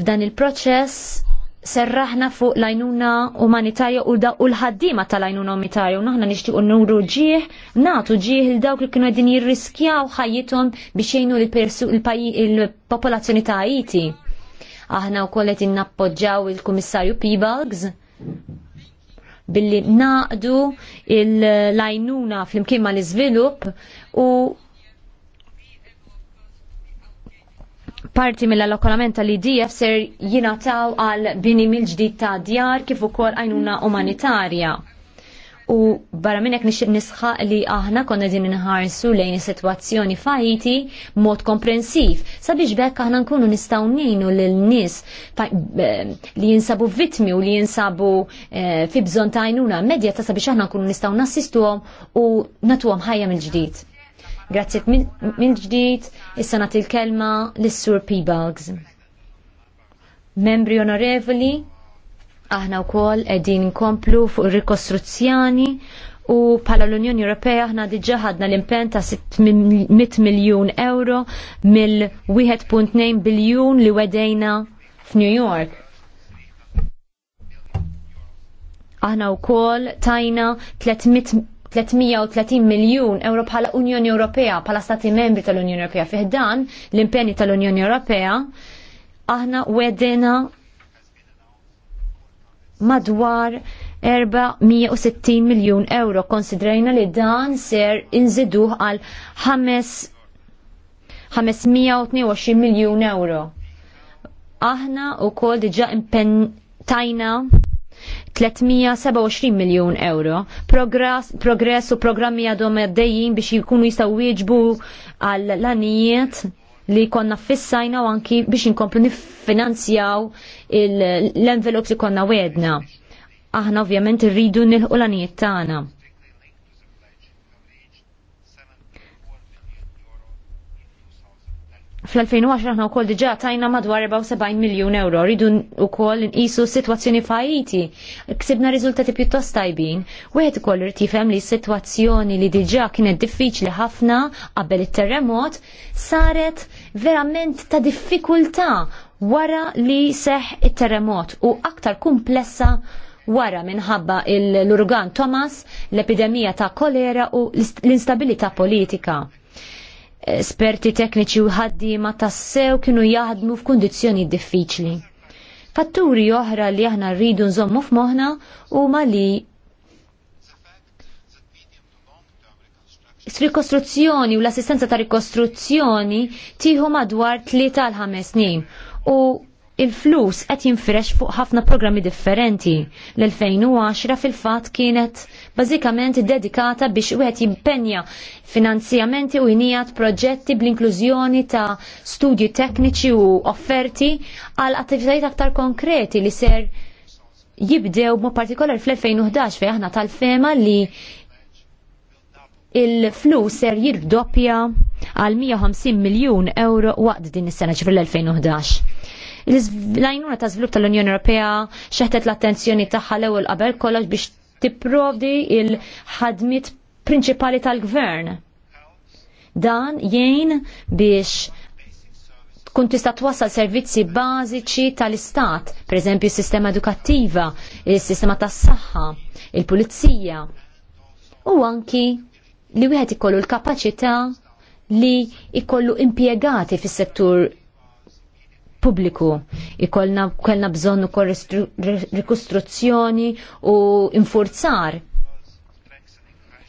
F'dan il-proċess serraħna fuq lajnuna umanitarja u da u l-ħaddima tal-lajnuna umanitarja u naħna nishtiq nuru ġieħ, natu ġieħ l-dawk li kienu għedin jirriskjaw ħajjitom biex jgħinu l-popolazzjoni ta' Haiti. Aħna u kollet innappoġġaw il-Kummissarju Peebalgs billi naqdu il-lajnuna fl-imkien ma l-izvilup u parti mill-allokolament tal-IDF ser jinataw għal bini mill-ġdid ta' djar kif ukoll għajnuna umanitarja. U barra minnek nixtieq nisħa li aħna konna din nħarsu lejn is-sitwazzjoni fajti mod komprensiv sabiex bekk aħna nkunu nistgħu ngħinu lil nies li jinsabu vittmi u li jinsabu eh, fi bżonn ta' għajnuna ta' sabiex aħna nkunu nistgħu nassistuhom u natuhom ħajja mill-ġdid. Grazie minn ġdid, issa nagħti l-kelma lis-Sur P-Bugs. Membri onorevoli, aħna wkoll qegħdin nkomplu fuq ir-rikostruzzjoni u pala l-Unjoni Ewropea aħna diġà ħadna l-impen ta' 600 miljun euro mill 19 biljun li wedejna f'New York. Aħna wkoll tajna 300 330 miljun euro bħala Unjoni Ewropea, bħala Stati Membri tal-Unjoni Ewropea. Fih dan l-impenni tal-Unjoni Ewropea aħna wedena madwar 460 miljun euro. Konsidrejna li dan ser inżiduh għal 522 miljun euro. Aħna u kol diġa impen tajna 327 miljon euro. Progress u programmi għadhom għaddejjin biex jkunu jistaw wieġbu għal lanijiet li konna fissajna u anki biex inkomplu nifinanzjaw l envelops li konna wedna. Aħna ovvjament rridu nil lanijiet tagħna. fl-2010 aħna wkoll diġà tajna madwar 74 miljun euro rridu wkoll nqisu s-sitwazzjoni fajiti. Ksibna riżultati pjuttost tajbin. Wieħed ukoll irid jifhem li s-sitwazzjoni li diġà kienet diffiċli ħafna qabel it-terremot saret verament ta' diffikultà wara li seħ it-terremot u aktar komplessa wara minħabba l-urgan Thomas, l-epidemija ta' kolera u l-instabilità politika esperti tekniċi u ħaddiema tassew kienu jaħdmu f'kundizzjoni diffiċli. Fatturi oħra li aħna rridu nżommu f'moħħna huma li rikostruzzjoni u l-assistenza ta' rikostruzzjoni tieħu madwar 3 tal 5 snin u il-flus qed jinfresh fuq ħafna programmi differenti. L-2010 fil-fatt kienet bażikament dedikata biex wieħed jimpenja finanzjamenti u jnijat proġetti bl-inklużjoni ta' studji tekniċi u offerti għal attivitajiet aktar konkreti li ser jibdew mod partikolar fl-2011 fejn aħna tal-fema li il-flus ser jirdoppja għal 150 miljun euro waqt din is-sena ġifri l-2011. l lajnuna ta' żvilupp tal-Unjoni Ewropea xeħtet l-attenzjoni tagħha l-ewwel qabel kollox biex tipprovdi il-ħadmit prinċipali tal-gvern. Dan jgħin biex tkun tista' twassal servizzi bażiċi tal-istat, pereżempju s-sistema edukattiva, is-sistema tas-saħħa, il-pulizija. U anki li wieħed ikollu l-kapaċità li ikollu impjegati fis-settur pubbliku. Ikolna kellna bżonn ukoll rikostruzzjoni u infurzar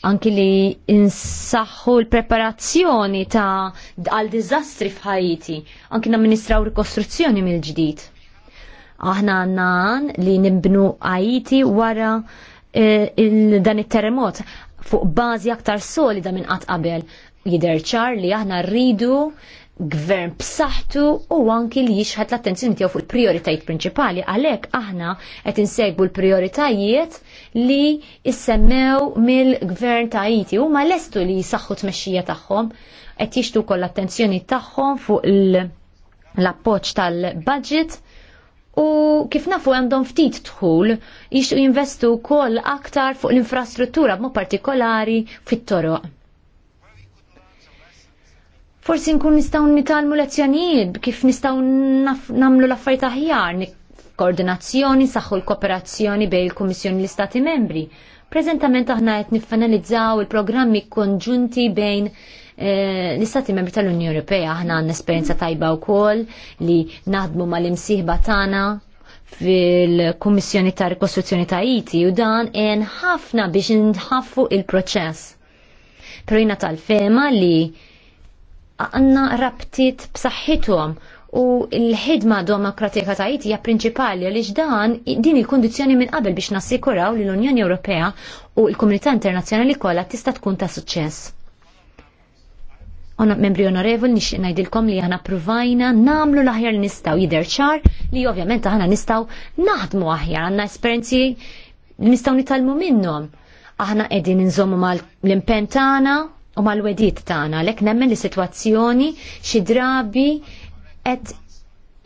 anki li insaħħu l-preparazzjoni ta' għal diżastri f'Ħajti, anki namministraw rikostruzzjoni mill-ġdid. Aħna nan li nibnu Ħajti wara e, dan it-terremot fuq bażi aktar solida minn qatt qabel. Jider ċar li aħna rridu gvern b'saħħtu u anki li jixħat l-attenzjoni tiegħu fuq il-prijoritajiet prinċipali għalhekk aħna qed insegbu l-prijoritajiet li issemmew mill-gvern ta' Haiti huma lestu li jsaħħu tmexxija tagħhom qed jixtu wkoll l-attenzjoni tagħhom fuq l-appoġġ tal-budget u kif nafu għandhom ftit dħul jixtu jinvestu wkoll aktar fuq l-infrastruttura b'mod partikolari fit-toroq Forsi nkun nistgħu nitalmu lezzjonijiet kif nistgħu nagħmlu l-affarijiet aħjar, koordinazzjoni, saħħu l-kooperazzjoni bejn il-Kummissjoni l-Istati Membri. Preżentament aħna qed niffinalizzaw il-programmi konġunti bejn eh, l-Istati Membri tal-Unjoni Ewropea aħna għandna esperjenza tajba wkoll li naħdmu mal-imsieħba tagħna fil-Kummissjoni ta' Rikostruzzjoni ta' Iti u dan hemm ħafna biex nħaffu il-proċess. Pero jina tal-fema li għanna rabtiet b'saħħithom u l-ħidma demokratika ta' hija prinċipali għaliex dan din il kundizzjoni minn qabel biex nassikuraw li l-Unjoni Ewropea u l-Komunità Internazzjonali kollha tista' tkun ta' suċċess. Ona membri onorevoli nixtieq ngħidilkom li aħna provajna nagħmlu l-aħjar li nistgħu jidher ċar li ovvjament aħna nistgħu naħdmu aħjar għandna esperjenzi li nistgħu nitalmu minnhom. Aħna qegħdin inżommu mal l u mal-wedit tagħna għalhekk nemmen li sitwazzjoni xi drabi qed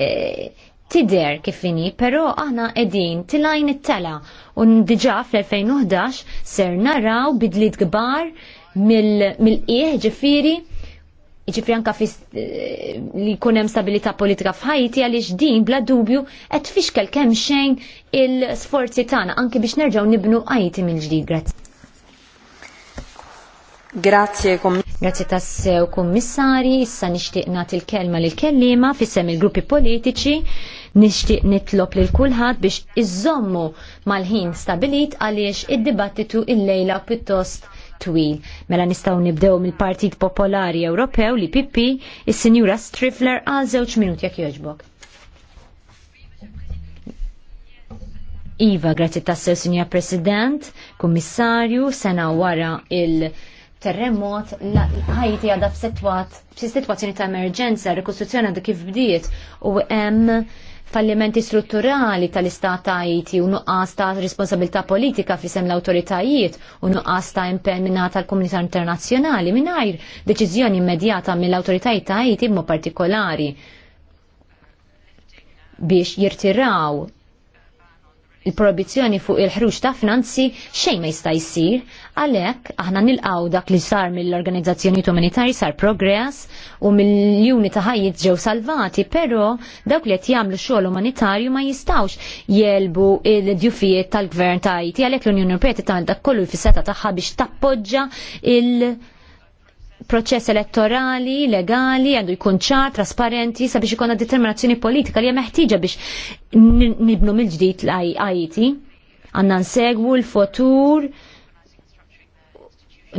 e, tider kifini, però aħna qegħdin tilajn it-tela u diġà fl-2011 ser naraw bidliet kbar mill-qieħ ġifieri ġifri anka fi e, li kunem stabilita politika fħajti għaliex din bla dubju qed fixkel kem xejn il-sforzi tagħna anke biex nerġgħu nibnu għajti mill-ġdid. Grazie, kom. Grazie tassew, kommissari. Issa nixtieq nagħti l-kelma lil kellima fissem il-gruppi politiċi. Nixtieq nitlob lil kulħadd biex iżommu mal-ħin stabilit għaliex id-dibattitu il-lejla pjuttost twil. Mela nistgħu nibdew mill-Partit Popolari Ewropew li PP is-Sinjura Strifler għal żewġ minuti jekk jogħġbok. Iva, grazzi tassew, Sinjura President, Kummissarju, sena wara il- terremot, ħajti għadha f'sitwat, f'sitwazzjoni ta' emerġenza, rekostruzzjoni għadha kif bdiet u hemm fallimenti strutturali tal-istat ta' Haiti u nuqqas ta' responsabilità politika fisem l-autoritajiet u nuqqas ta' impenn minna tal-komunità internazzjonali mingħajr deċiżjoni immedjata mill-autoritajiet ta' Haiti b'mod partikolari biex jirtiraw il-proibizjoni fuq il-ħruġ ta' finanzi xejn ma jista' jsir, għalhekk aħna nilqgħu dak li sar mill organizzazzjoni umanitarji sar progress u miljuni ta' ħajjiet ġew salvati, però dawk li qed jagħmlu xogħol umanitarju ma jistgħux jelbu il-djufijiet tal-gvern ta' Haiti għalhekk l-Unjoni Ewropea tagħmel dak kollu fis-seta tagħha biex tappoġġa il- proċess elettorali, legali, għandu jkun ċar, trasparenti, sabiex ikonna determinazzjoni politika li meħtieġa biex nibnu mill-ġdid l-IT. E Għanna nsegwu l-futur,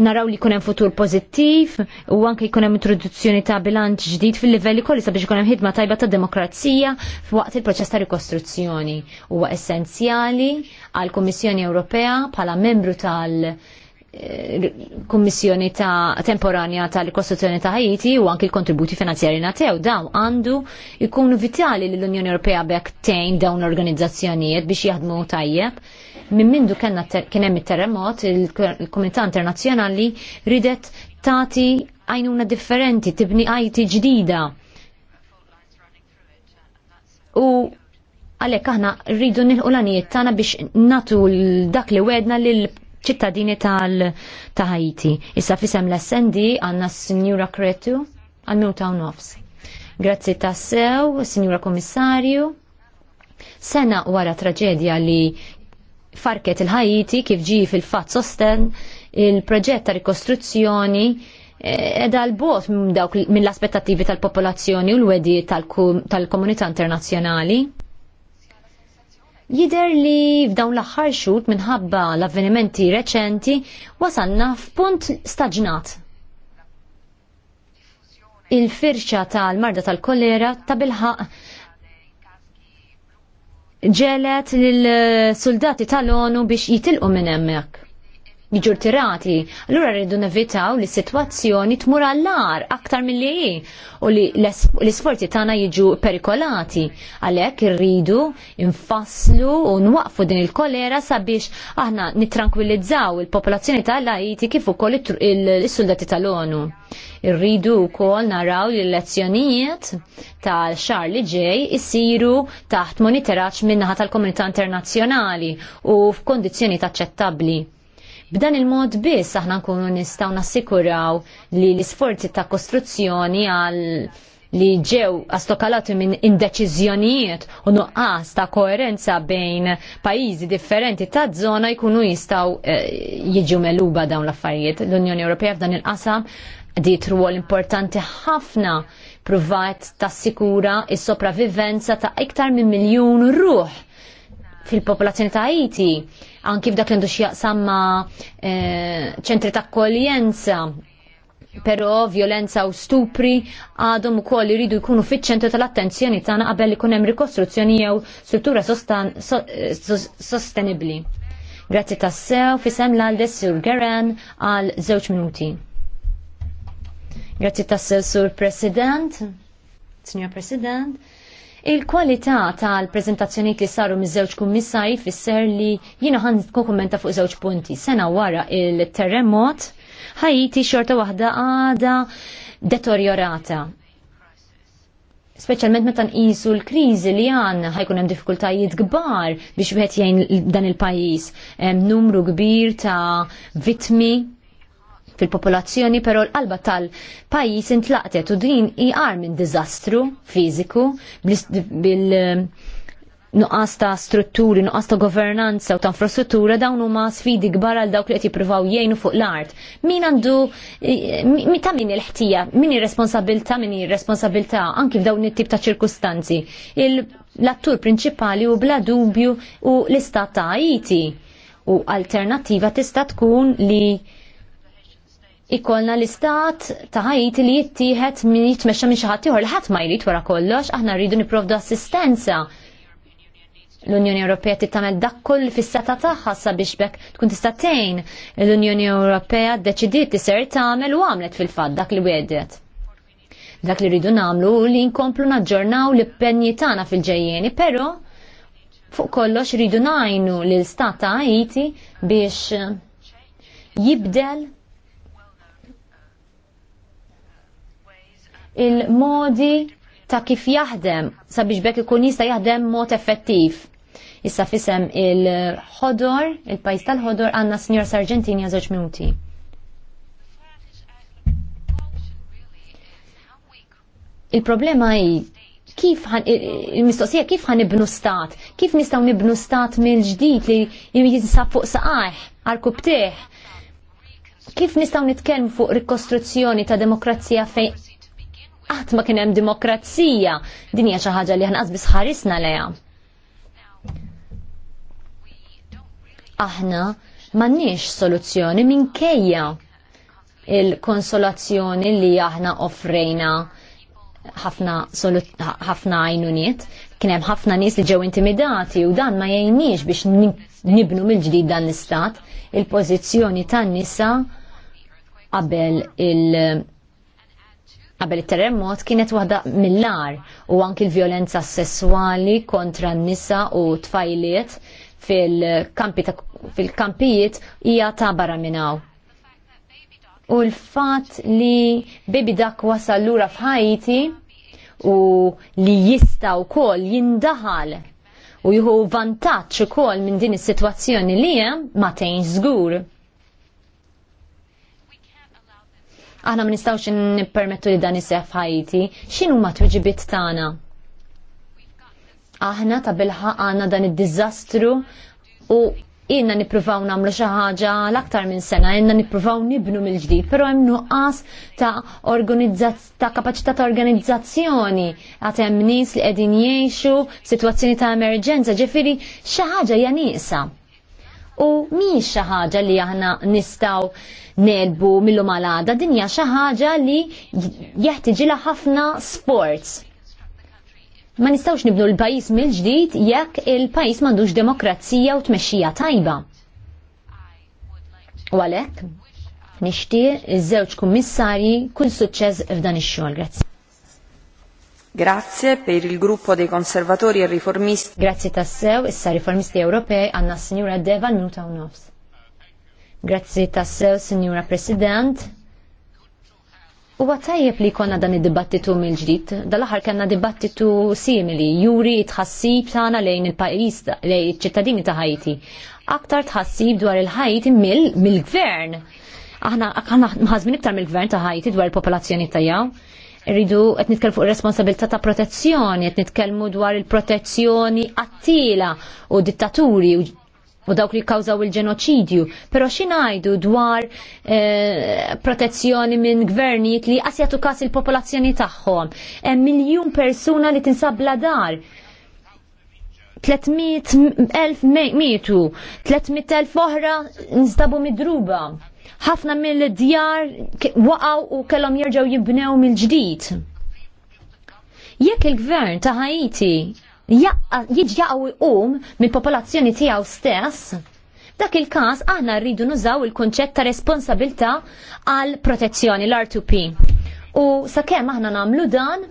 naraw li kunem futur pozittiv u anke jkunem introduzzjoni ta' bilanċ ġdid fil-livelli kolli sabiex jkunem ħidma tajba ta' demokrazija f'waqt il-proċess ta' rikostruzzjoni. Huwa essenzjali għal Kummissjoni Ewropea bħala membru tal- kummissjoni ta' temporanja tal-Kostituzzjoni ta' Haiti u anki l-kontributi finanzjari natew daw għandu jkunu vitali li l-Unjoni Ewropea bekk tejn dawn l-organizzazzjonijiet biex jaħdmu tajjeb. Minn mindu kien hemm it-terremot, il-Komunità Internazzjonali ridet tati għajnuna differenti, tibni għajti ġdida. U għalek aħna rridu nilqu l tagħna biex natu dak li wedna lil ċittadini tal ta' Haiti. Issa fisem l assendi għanna s-Sinjura Kretu għal-minu ta' nofs. Grazzi ta' sew, Sinjura Komissarju. Sena wara traġedja li farket il-Haiti kif ġi fil-fat sosten il-proġett ta' rikostruzzjoni eh, edha l-bot mill l-aspettativi tal-popolazzjoni u l-wedi tal-komunità internazzjonali. Jider li f'dawn l-aħħar xhur minħabba l-avvenimenti reċenti wasalna f'punt staġnat. Il-firxa tal-marda tal-kolera ta' bilħaq ġelet lil-soldati tal-ONU biex jitilqu minn hemmhekk jiġu tirati. Allura rridu nevitaw li situazzjoni tmur għallar aktar mill-li u li l-isforzi tagħna jiġu perikolati. Għalhekk irridu infasslu u nwaqfu din il-kolera sabiex aħna nitranquillizzaw il-popolazzjoni tal-Haiti kif ukoll il-soldati tal-ONU. Irridu wkoll naraw li l-elezzjonijiet tal-xar li ġej jisiru taħt monitoraġġ min-naħa tal-komunità internazzjonali u f'kondizjoni taċċettabli. B'dan il-mod biss aħna nkunu nistgħu nassikuraw li l-isforzi ta' kostruzzjoni għal li ġew astokalati minn indeċiżjonijiet u nuqqas ta' koerenza bejn pajjiżi differenti ta' zona jkunu jistaw eh, jiġu meluba dawn l-affarijiet. L-Unjoni Ewropea f'dan il-qasam di ruol importanti ħafna pruvat tassikura is sopravivenza ta' iktar minn miljun ruħ fil-popolazzjoni ta' Haiti, anki f'dak li ndux jaqsamma eh, ċentri ta' kolienza, però violenza u stupri għadhom ukoll iridu jkunu fiċ-ċentru tal-attenzjoni tagħna qabel ikun hemm rikostruzzjoni jew struttura eh, sostenibbli. Grazzi tassew, fisem l għaldes Sur Geren għal żewġ minuti. Grazzi tassew Sur President, Signor President, Il-kwalità tal prezentazzjonijiet li saru miż-żewġ kummissarji fisser li jiena ħan kokumenta fuq żewġ punti. Sena wara il-terremot, Ħajti xorta waħda għada deteriorata Speċjalment meta nqisu l-kriżi li għandna ħajkun hemm diffikultajiet kbar biex wieħed jgħin dan il-pajjiż. Hemm numru kbir ta' vitmi fil-popolazzjoni, però l-qalba tal-pajis intlaqtet u din iqar minn dizastru fiziku bil- nuqqas ta' strutturi, nuqqas ta' governanza u ta' infrastruttura dawn huma sfidi kbar għal dawk li qed jippruvaw jgħinu fuq l-art. Min għandu ta' min il-ħtija, min ir-responsabilità, min ir-responsabilità anki f'dawn it-tip ta' ċirkustanzi. L-attur prinċipali u bla dubju u l-istat ta' Haiti u alternativa tista' tkun li ikolna l-istat ta' ħajti li jittieħed min jitmexxa minn xi ħadd ieħor li ħadd ma jrid wara kollox, aħna rridu nipprovdu assistenza. L-Unjoni Ewropea tittamel dak kull fis-seta tagħha sabiex bekk tkun tista' tgħin. L-Unjoni Ewropea ddeċidiet tiser tagħmel u għamlet fil-fatt dak li wedet. Dak li rridu nagħmlu li nkomplu naġġornaw l ippenji tagħna fil-ġejjeni, però fuq kollox rridu ngħinu l-istat ta' Haiti biex jibdel il-modi ta' kif jaħdem sabiex bekk ikun jista' jaħdem mod effettiv. Issa fisem il-ħodor, il-pajis tal-ħodor għanna Signor Sargentini għazoċ minuti. Il-problema hi kif il-mistoqsija kif ħan ibnu stat, kif nistgħu nibnu stat mill-ġdid li jinsab fuq saqajh, arku btieħ. Kif nistgħu nitkellmu fuq rikostruzzjoni ta' demokrazija fejn qatt ma kien hemm demokrazija. Din hija xi ħaġa li ħan qasbis ħarisna leja. Aħna m'għandniex soluzzjoni minkejja il-konsolazzjoni li aħna offrejna ħafna ħafna għajnuniet. Kien hemm ħafna nies li ġew intimidati u dan ma jgħinniex biex nibnu mill-ġdid dan l-istat il-pożizzjoni tan-nisa qabel il- qabel it-terremot kienet waħda mill-lar u anki l-violenza sessuali kontra n-nisa u tfajliet fil-kampijiet hija ta' barra minnaw. U l-fat li baby dak wasal lura f'Ħajti u li jista u kol jindahal u jħu vantaċ u kol minn din is-situazzjoni li hemm ma tgħinx żgur aħna ma nistgħux nippermettu li dan isef ħajti, x'inhu ma twiġibiet tagħna? Aħna ta' bilħaq għandna dan id-diżastru u jenna nippruvaw nagħmlu xi ħaġa l-aktar minn sena, jenna nippruvaw nibnu mill-ġdid, però hemm nuqqas ta' ta' kapaċità ta' organizzazzjoni għad hemm nies li qegħdin jgħixu f'sitwazzjoni ta' emerġenza, ġifieri xi ħaġa hija nieqsa u mhix xi ħaġa li aħna nistgħu nedbu millu malada, din hija xi ħaġa li jeħtiġilha ħafna sports. Ma nistgħux nibnu l-pajjiż mill-ġdid jekk il-pajjiż m'għandux demokrazija u tmexxija tajba. U għalhekk nixtieq iż-żewġ kummissarji kull suċċess f'dan ix-xogħol. Grazzi. Grazie per il gruppo dei conservatori e riformisti. Grazie tassew, issa riformisti europei għanna signora Deva minuta u Grazie tassew, signora President. U għatajjeb li konna dan id-dibattitu mill-ġdid, dal-axar kanna dibattitu simili, juri tħassib tana lejn il-pajis, lejn il-ċittadini ta' Ħajti. Aktar tħassib dwar il-Ħajti mill-gvern. Aħna għanna mħazmin iktar mill-gvern ta' Ħajti dwar il-popolazzjoni tajaw rridu qed nitkellmu fuq ir responsabilità ta' protezzjoni, qed nitkellmu dwar il-protezzjoni attila u dittaturi u dawk li kawżaw il-ġenoċidju. Però xi ngħidu dwar eh, protezzjoni minn gvernijiet li qasjatu kas il-popolazzjoni tagħhom. Hemm miljun persuna li tinsab bla dar. 300.000 300 300.000 oħra nstabu midruba ħafna mill-djar waqaw u kellhom jerġgħu jibnew mill-ġdid. Jekk il-gvern ta' Haiti jiġi jaqgħu jqum mill-popolazzjoni tiegħu stess, dak il-każ aħna rridu nużaw il-konċett ta' responsabilta għal protezzjoni l-R2P. U sakemm aħna nagħmlu dan,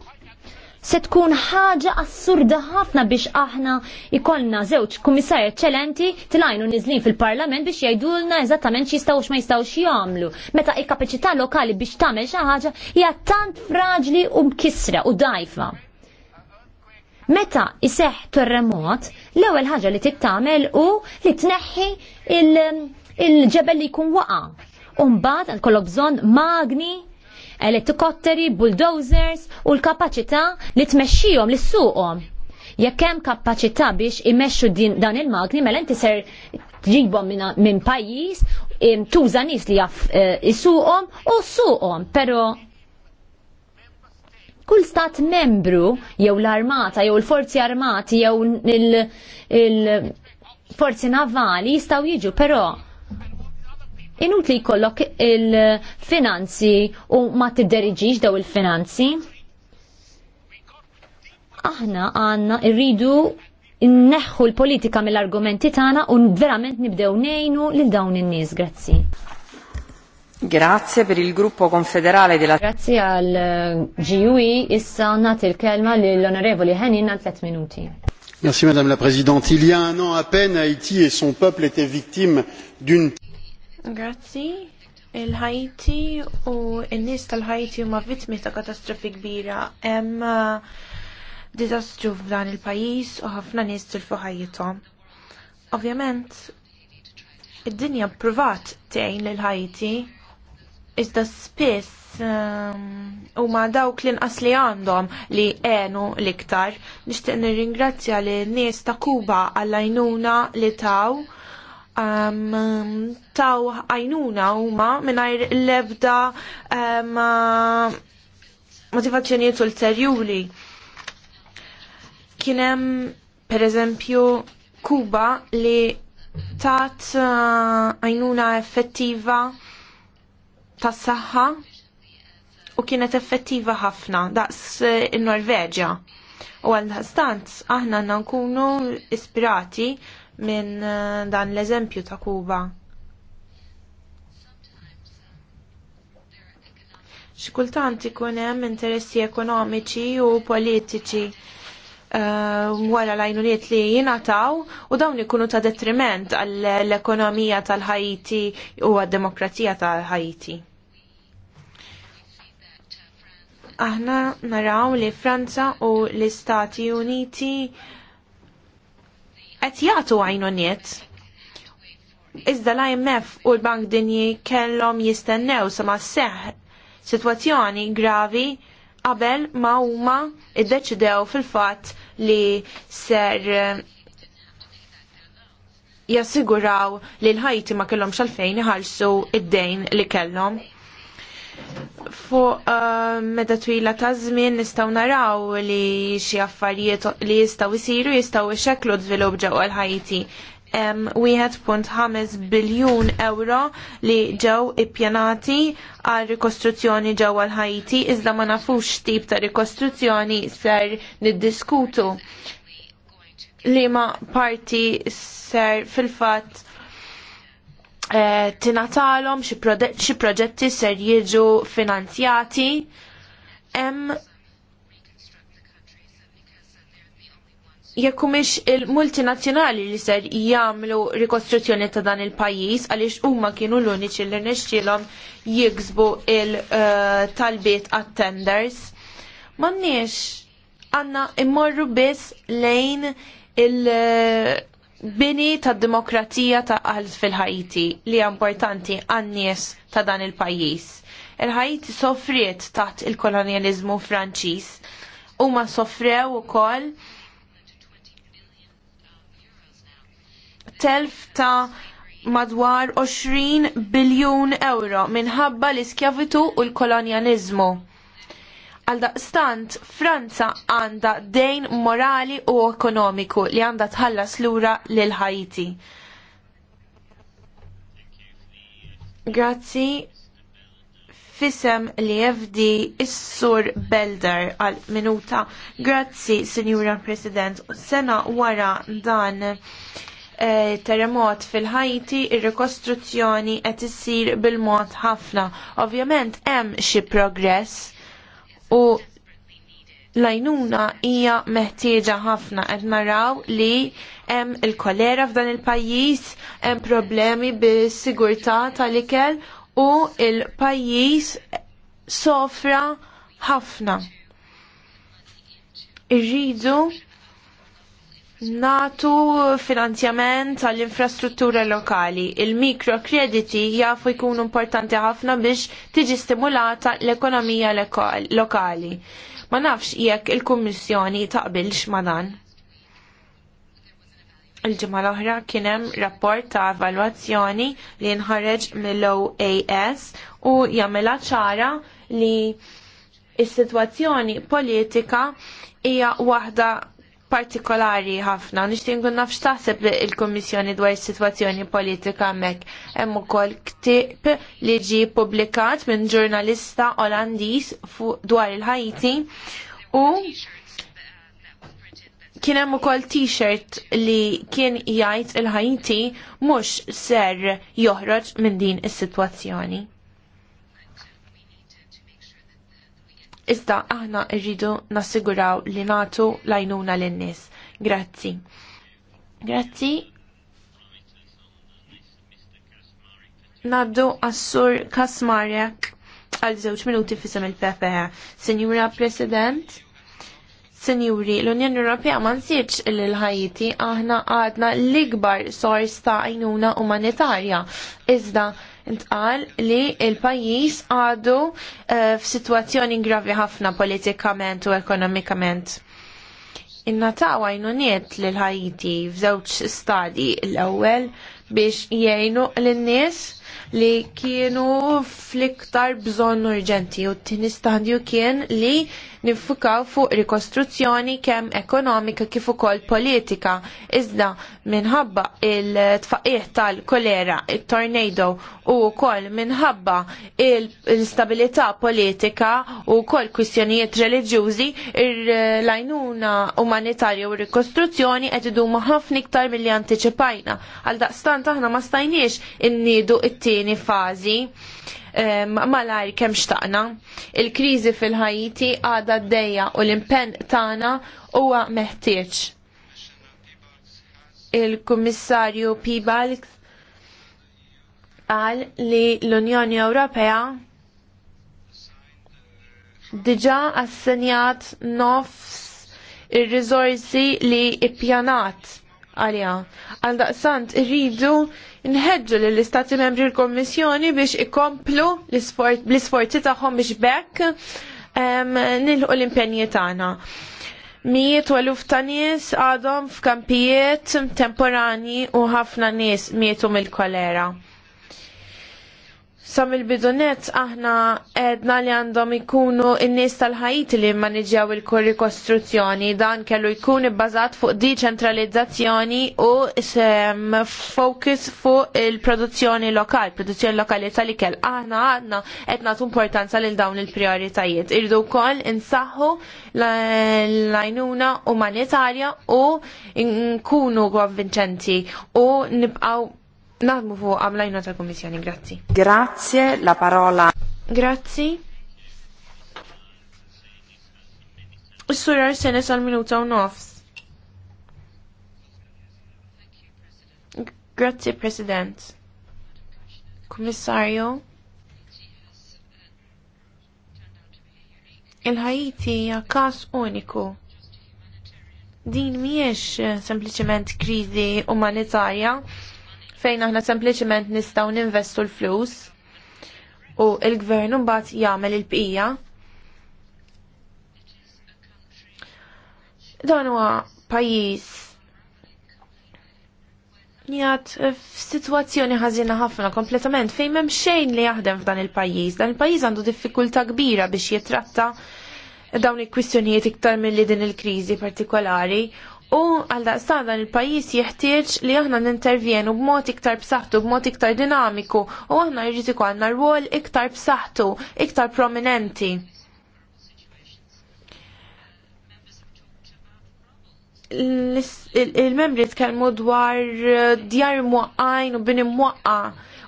se tkun ħaġa assurda ħafna biex aħna ikollna żewġ kummissarji eċċellenti tilajnu niżlin fil-Parlament biex jgħidulna eżattament x'jistgħu ma jistgħux jagħmlu. Meta il-kapaċità lokali biex tagħmel xi ħaġa hija tant fraġli u mkissra u dajfa. Meta iseħ torremot, l-ewwel ħaġa li tittamel u li tneħħi il-ġebel li jkun waqa. U mbagħad kollok bżonn magni elettikotteri, bulldozers u l-kapacità li tmexxihom li suqhom. Jekk hemm kapaċità biex imexxu din dan il-magni mela inti ser tġibhom minn pajjiż tuża nies li jaf eh, isuqhom u suqhom, però kull stat membru jew l-armata jew l-forzi armati jew il-forzi navali jistgħu jiġu, però Inut li jkollok il-finanzi u ma tidderiġiġ daw il-finanzi. Aħna għanna irridu neħħu l-politika mill-argumenti tagħna u verament nibdew nejnu lil dawn in-nies, grazzi. Grazie per il gruppo confederale della Grazie al eh, GUI e. issa nati il-kelma lill Henin għal 3 minuti. Merci Madame la Présidente. Il y a un an à peine, Haïti et son peuple étaient victimes d'une Grazzi. Il-Ħajti u n-nies tal-Ħajti huma vittmi ta' katastrofi kbira. Hemm uh, diżastru f'dan il-pajjiż u ħafna nies tilfu ħajjithom. Ovvjament, id-dinja privat tgħin lil Ħajti iżda spiss um, huma dawk li inqas li għandhom li għenu l-iktar. Nixtieq nirringrazzja l nies ta' Kuba għall-għajnuna li taw um, taw għajnuna huma mingħajr l-ebda um, motivazzjonijiet ulterjuri. Kien hemm pereżempju Kuba li tat uh, għajnuna uh, effettiva tas saħħa u kienet effettiva ħafna daqs uh, in-Norveġja. U għal stant aħna nkunu ispirati minn eh, dan l-eżempju ta' Kuba. Xikultant ikun hemm interessi ekonomiċi u politiċi eh, wara l-għajnuniet li jinataw u dawn ikunu ta' detriment għall-ekonomija tal-ħajti u għad-demokrazija tal-ħajti. Aħna naraw li Franza u l-Istati Uniti qed jagħtu għajnuniet. Iżda l-IMF u l-Bank Dinji kellhom jistennew ma seħ sitwazzjoni gravi qabel ma huma iddeċidew fil-fatt li ser jassiguraw li l-ħajti ma kellhom xalfejn iħallsu id-dejn li kellhom. Fuq uh, meta twila ta' żmien nistgħu naraw li xi affarijiet li jistgħu jsiru jistgħu ixekklu żvilupp ġewwa l-Ħajti. Um, 1.5 biljun euro li ġew ippjanati għal rikostruzzjoni ġewwa l-Ħajti iżda ma nafux tip ta' rikostruzzjoni ser niddiskutu li ma parti ser fil-fatt Eh, tinatalhom xi proġetti ser jiġu finanzjati hemm jekk mhix il-multinazzjonali li ser jagħmlu rikostruzzjoni ta' dan il-pajjiż għaliex huma kienu l-uniċi li nixtielhom jiksbu il-talbiet eh, għat-tenders. M'għandniex għandna immorru biss lejn il- eh, bini ta' demokratija ta' għal fil-ħajti li importanti għannies ta' dan il-pajis. Il-ħajti soffriet taħt il-kolonializmu franċis u ma soffrew u kol telf ta' madwar 20 biljun euro minħabba l-iskjavitu u l-kolonializmu. Għaldaqstant, Franza għandha dejn morali u ekonomiku li għandha tħallas lura lil Ħajti. Grazzi fisem li jevdi is-sur Belder għal minuta. Grazzi, Sinjura President. Sena wara dan eh, terremot fil-Ħajti, ir-rikostruzzjoni qed issir bil-mod ħafna. Ovvjament hemm xi progress u lajnuna hija meħtieġa ħafna qed naraw li hemm il-kolera f'dan il-pajjiż, hemm problemi bis-sigurtà tal-ikel u il-pajjiż sofra ħafna. Irridu natu finanzjament għall infrastruttura lokali. Il-mikrokrediti jafu jkunu importanti ħafna biex tiġi stimulata l-ekonomija lokali. Ma nafx jekk il-Kummissjoni taqbilx ma dan. Il-ġimgħa l-oħra kien hemm rapport ta' evalwazzjoni li nħareġ mill-OAS u jagħmilha ċara li is-sitwazzjoni politika hija waħda partikolari ħafna, nixtieq nkun naf x'taħseb il-Kummissjoni dwar is-sitwazzjoni politika hemmhekk. Hemm ukoll ktieb li ġie ppubblikat minn ġurnalista Olandiż dwar il-Ħajti u kien hemm ukoll t-shirt li kien jgħid il-Ħajti mhux ser joħroġ minn din is-sitwazzjoni. iżda aħna rridu nassiguraw li natu lajnuna l-nies. Grazzi. Grazzi. Naddu għassur Kasmarek għal żewġ minuti fisem il-PPE. Senjura President, Senjuri, l-Unjoni Ewropea ma nsirx lil ħajti aħna għadna l-ikbar sors ta' għajnuna umanitarja. Iżda intqal li il-pajis għadu f eh, f'sitwazzjoni gravi ħafna politikament u ekonomikament. Innataw għajnuniet l-ħajti f'żewġ stadi l-ewwel biex jgħinu l-nies li kienu fl-iktar bżonn urġenti u t-tini stadju kien li nifukaw fuq rikostruzzjoni kemm ekonomika kif ukoll politika. Iżda minħabba il-tfaqih tal-kolera, il-tornado u wkoll minħabba l instabilità politika u wkoll kwistjonijiet reliġjużi l-għajnuna umanitarja u rikostruzzjoni qed iduma ħafna iktar milli antiċipajna. Għal daqstant aħna ma stajniex innidu it-tieni fażi malajr kemm xtaqna. Il-kriżi fil-Ħajiti għadha d deja u l-impenn tagħna huwa meħtieġ. Il-Kummissarju Pibalk qal li l-Unjoni Ewropea diġa assenjat nofs il-rizorsi li ippjanat għalja. Għaldaqsant irridu nħedġu lill istati membri l-Kommissjoni biex ikomplu l-isforzi tagħhom biex bekk nilħu l impenjiet tagħna. Miet u eluf ta' nies għadhom f'kampijiet temporani u ħafna nies mietu mill-kolera. Sam il-bidunet aħna edna li għandhom ikunu n-nies tal-ħajti li maniġjaw il-korrikostruzzjoni dan kellu jkun ibbażat fuq deċentralizzazzjoni u focus fuq il-produzzjoni lokal, produzzjoni lokali tal-ikel. Aħna għadna qed nagħtu importanza lil dawn il-prioritajiet. Irdu wkoll insaħħu l-għajnuna umanitarja u nkunu konvinċenti u nibqgħu Naħdmu fuq għamlajna tal-Komissjoni, grazzi. Grazie, la parola. Grazzi. Is-sur Arsene sal-minuta u nofs. Grazzi, President. Kommissarju. Il-Ħajti hija każ uniku. Din mhijiex sempliċement kriżi umanitarja, fejn aħna sempliċiment nistgħu ninvestu l-flus u l gvern mbagħad jagħmel il-bqija. Dan huwa pajjiż f f'sitwazzjoni ħażina ħafna kompletament fejn hemm xejn li jaħdem f'dan il-pajjiż. Dan il-pajjiż għandu diffikultà kbira biex jitratta dawn il-kwistjonijiet iktar mill-li din il-kriżi partikolari U għal daqstan dan il-pajis jeħtieġ li aħna nintervjenu b'mod iktar b'saħħtu, b'mod iktar dinamiku, u aħna jrid ikollna rwol iktar b'saħħtu, iktar prominenti. Il-membri tkellmu dwar djar muqqajn u bini muqqa'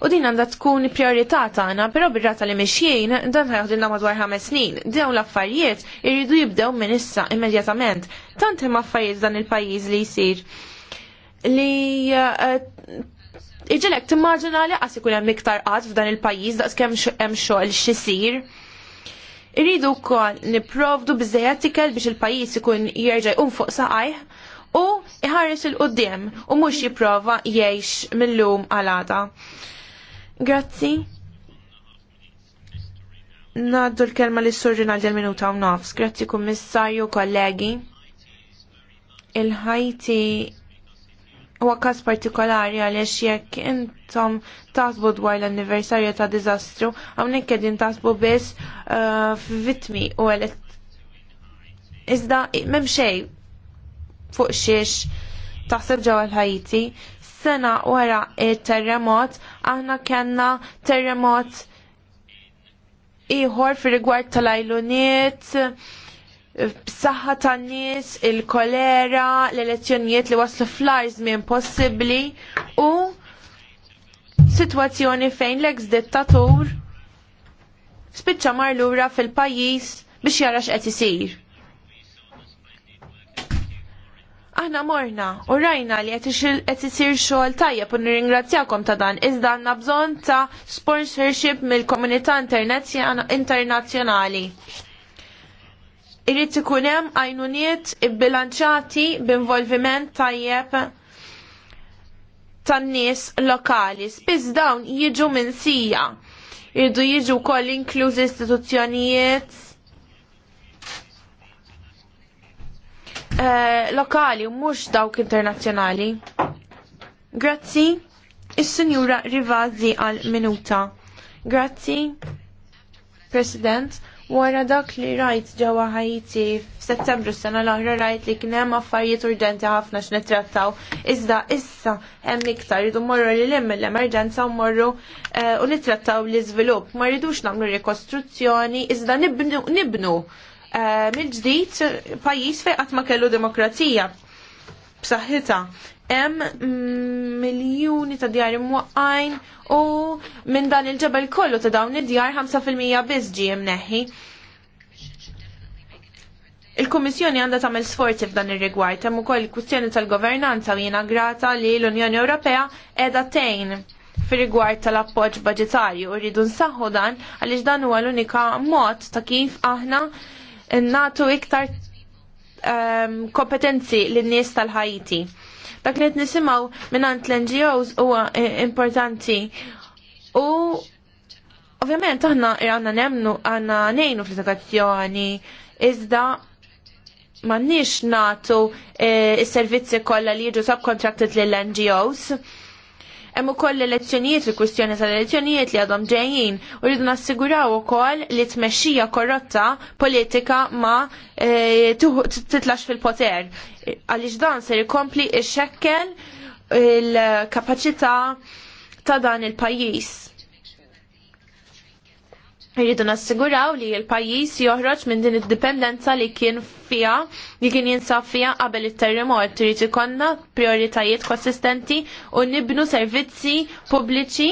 U din għandha tkun priorità tagħna, però bir-rata li mixjien dan ħaħdilna madwar ħames snin. Dawn l-affarijiet irridu jibdew minn issa immedjatament. Tant hemm affarijiet dan il-pajjiż li jsir li eh, iġilek timmaġina li għas ikun hemm iktar qatt f'dan il-pajjiż daqskemm hemm xogħol xisir. Irridu wkoll nipprovdu biżejjed tikel biex il-pajjiż ikun jerġa' jqum fuq saqajh u iħares il qudiem u mhux jipprova jgħix mill-lum għal għada. Grazzi. Naddu l-kelma li s-sur Rinaldi minuta u nofs. Grazzi kummissarju, kollegi. Il-ħajti huwa każ partikolari għaliex jekk intom tasbu dwar l-anniversarju ta' diżastru hawnhekk qegħdin tasbu biss uh, u għalet iżda m'hemm xejn fuq xiex taħseb ġewwa l-Ħajti sena wara il-terremot, aħna kellna terremot ieħor fir rigward tal-ajluniet, b'saħħa tan-nies, il-kolera, l-elezzjonijiet li waslu fl-ar żmien possibbli u sitwazzjoni fejn l-eks dittatur spiċċa mar lura fil-pajjiż biex jara x'qed isir. Aħna morna u rajna li qed isir xogħol tajjeb u nirringrazzjakom ta' dan iżda għandna bżonn ta' sponsorship mill-komunità internazzjonali. Irid ikun hemm għajnuniet ibbilanċati b'involviment tajjeb tan-nies lokali. Spiss dawn jiġu minn sija. Irdu jiġu wkoll inklużi istituzzjonijiet Eh, lokali u mhux dawk internazzjonali. Grazzi, is-Sinjura Rivazi għal minuta. Grazzi, President, wara dak li rajt ġewwa Ħajti f'Settembru sena l-oħra rajt li kien hemm affarijiet urġenti ħafna x'nittrattaw. Iżda issa hemm iktar idu mmorru li lim l-emerġenza u mmorru eh, u nittrattaw l-iżvilupp. Ma rridux nagħmlu rikostruzzjoni, iżda nibnu Eh, mill-ġdid pajjiż fejn qatt ma kellu demokrazija. b'saħħita hemm miljuni ta' djar imwaqqajn u minn dan il-ġebel kollu ta' dawn id-djar 5% biss ġie mneħħi. Il-Kummissjoni għandha tagħmel sforzi f'dan ir-rigward hemm ukoll il-kwistjoni tal-governanza u jiena grata li l-Unjoni Ewropea qiegħda tgħin fir-rigward tal-appoġġ budġetarju u rridu nsaħħu dan għaliex dan huwa l-unika mod ta' kif aħna natu iktar um, kompetenzi l-nies tal-ħajti. Dak li qed nisimgħu mingħand l-NGOs huwa e, importanti u ovvjament aħna e, għandna nemnu għandna nejnu fl-edukazzjoni iżda m'għandniex nagħtu is-servizzi e, kollha li jiġu subcontracted lill-NGOs Hemm ukoll l-elezzjonijiet, li kwistjoni tal-elezzjonijiet li għadhom ġejjin u rridu nassiguraw ukoll li tmexxija korrotta politika ma e, titlax fil-poter. Għaliex dan ser ikompli ix-xekkel il-kapaċità ta' dan il-pajjiż Irridu nassiguraw li l-pajjiż joħroġ minn din id-dipendenza li kien fija, li kien jinsab fija qabel it-terremot. Trid ikollna prioritajiet konsistenti u nibnu servizzi pubbliċi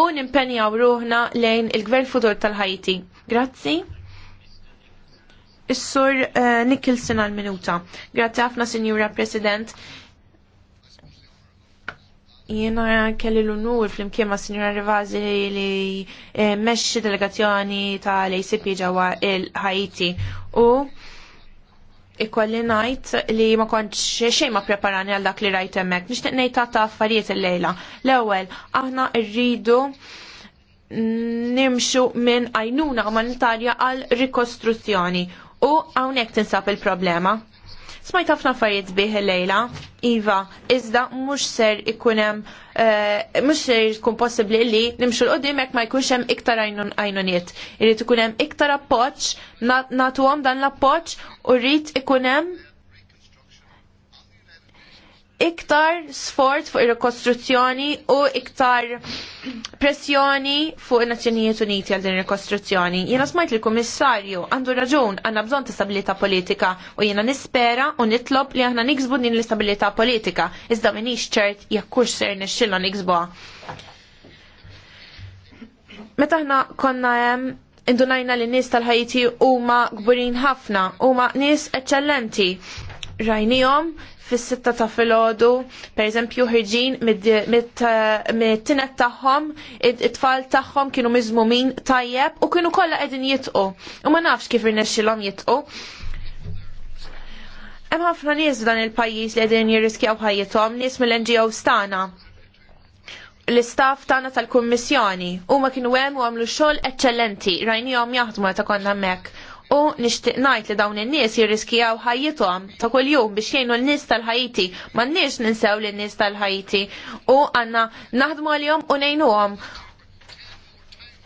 u nimpenjaw ruħna lejn il-gvern futur tal-Ħajti. Grazzi. Is-sur uh, eh, għall għal-minuta. Grazzi ħafna, Sinjura President. Jena kelli l-unur fl-imkien ma' Signora Rivazi li eh, meċi delegazzjoni tal-ACP ġewwa il-Haiti u ikolli ngħid li ma kontx xejn ma preparani għal dak li rajt hemmhekk. Nixtieq ngħid ta' affarijiet illejla. L-ewwel aħna rridu nimxu minn għajnuna umanitarja għal rikostruzzjoni u hawnhekk tinsab il-problema Smajt ħafna affarijiet bih lejla, Iva, iżda mhux ser ikunem uh, eh, mhux ser ikun possibbli li nimxu l qudiemek ma jkunx hemm iktar għajnuniet. Irid ikun hemm iktar appoġġ, nagħtuhom dan l-appoġġ u rrid ikun hemm iktar sfort fuq ir-rikostruzzjoni u iktar pressjoni fuq in-Nazzjonijiet Uniti għal din ir-rikostruzzjoni. Jiena smajt li kummissarju għandu raġun għandna bżonn ta' stabilità politika u jiena nispera u nitlob li aħna niksbu din l-istabilità politika. Iżda minix ċert jekk hux ser nixxilla niksbuha. Meta aħna konna hemm indunajna li nies tal-ħajti huma gburin ħafna, huma nies eċċellenti rajnijom fis-sitta ta' filgħodu, pereżempju ħirġin mit-tinet tagħhom, it-tfal tagħhom kienu miżmumin tajjeb u kienu kollha qegħdin jitqu. U ma nafx kif irnexxilhom jitqu. Hemm ħafna nies dan il-pajjiż li qegħdin jirriskjaw ħajjithom, nies mill-NGO stana l-istaff tagħna tal-Kummissjoni huma kienu hemm u għamlu xogħol eċċellenti, rajnihom jaħdmu ta' konna hemmhekk u nixtieq ngħid li dawn in-nies jirriskjaw ħajjithom ta' kuljum biex jgħinu l-nies tal-Ħajti. M'għandniex ninsew lin-nies tal-Ħajti u għandna naħdmu għalihom u ngħinuhom.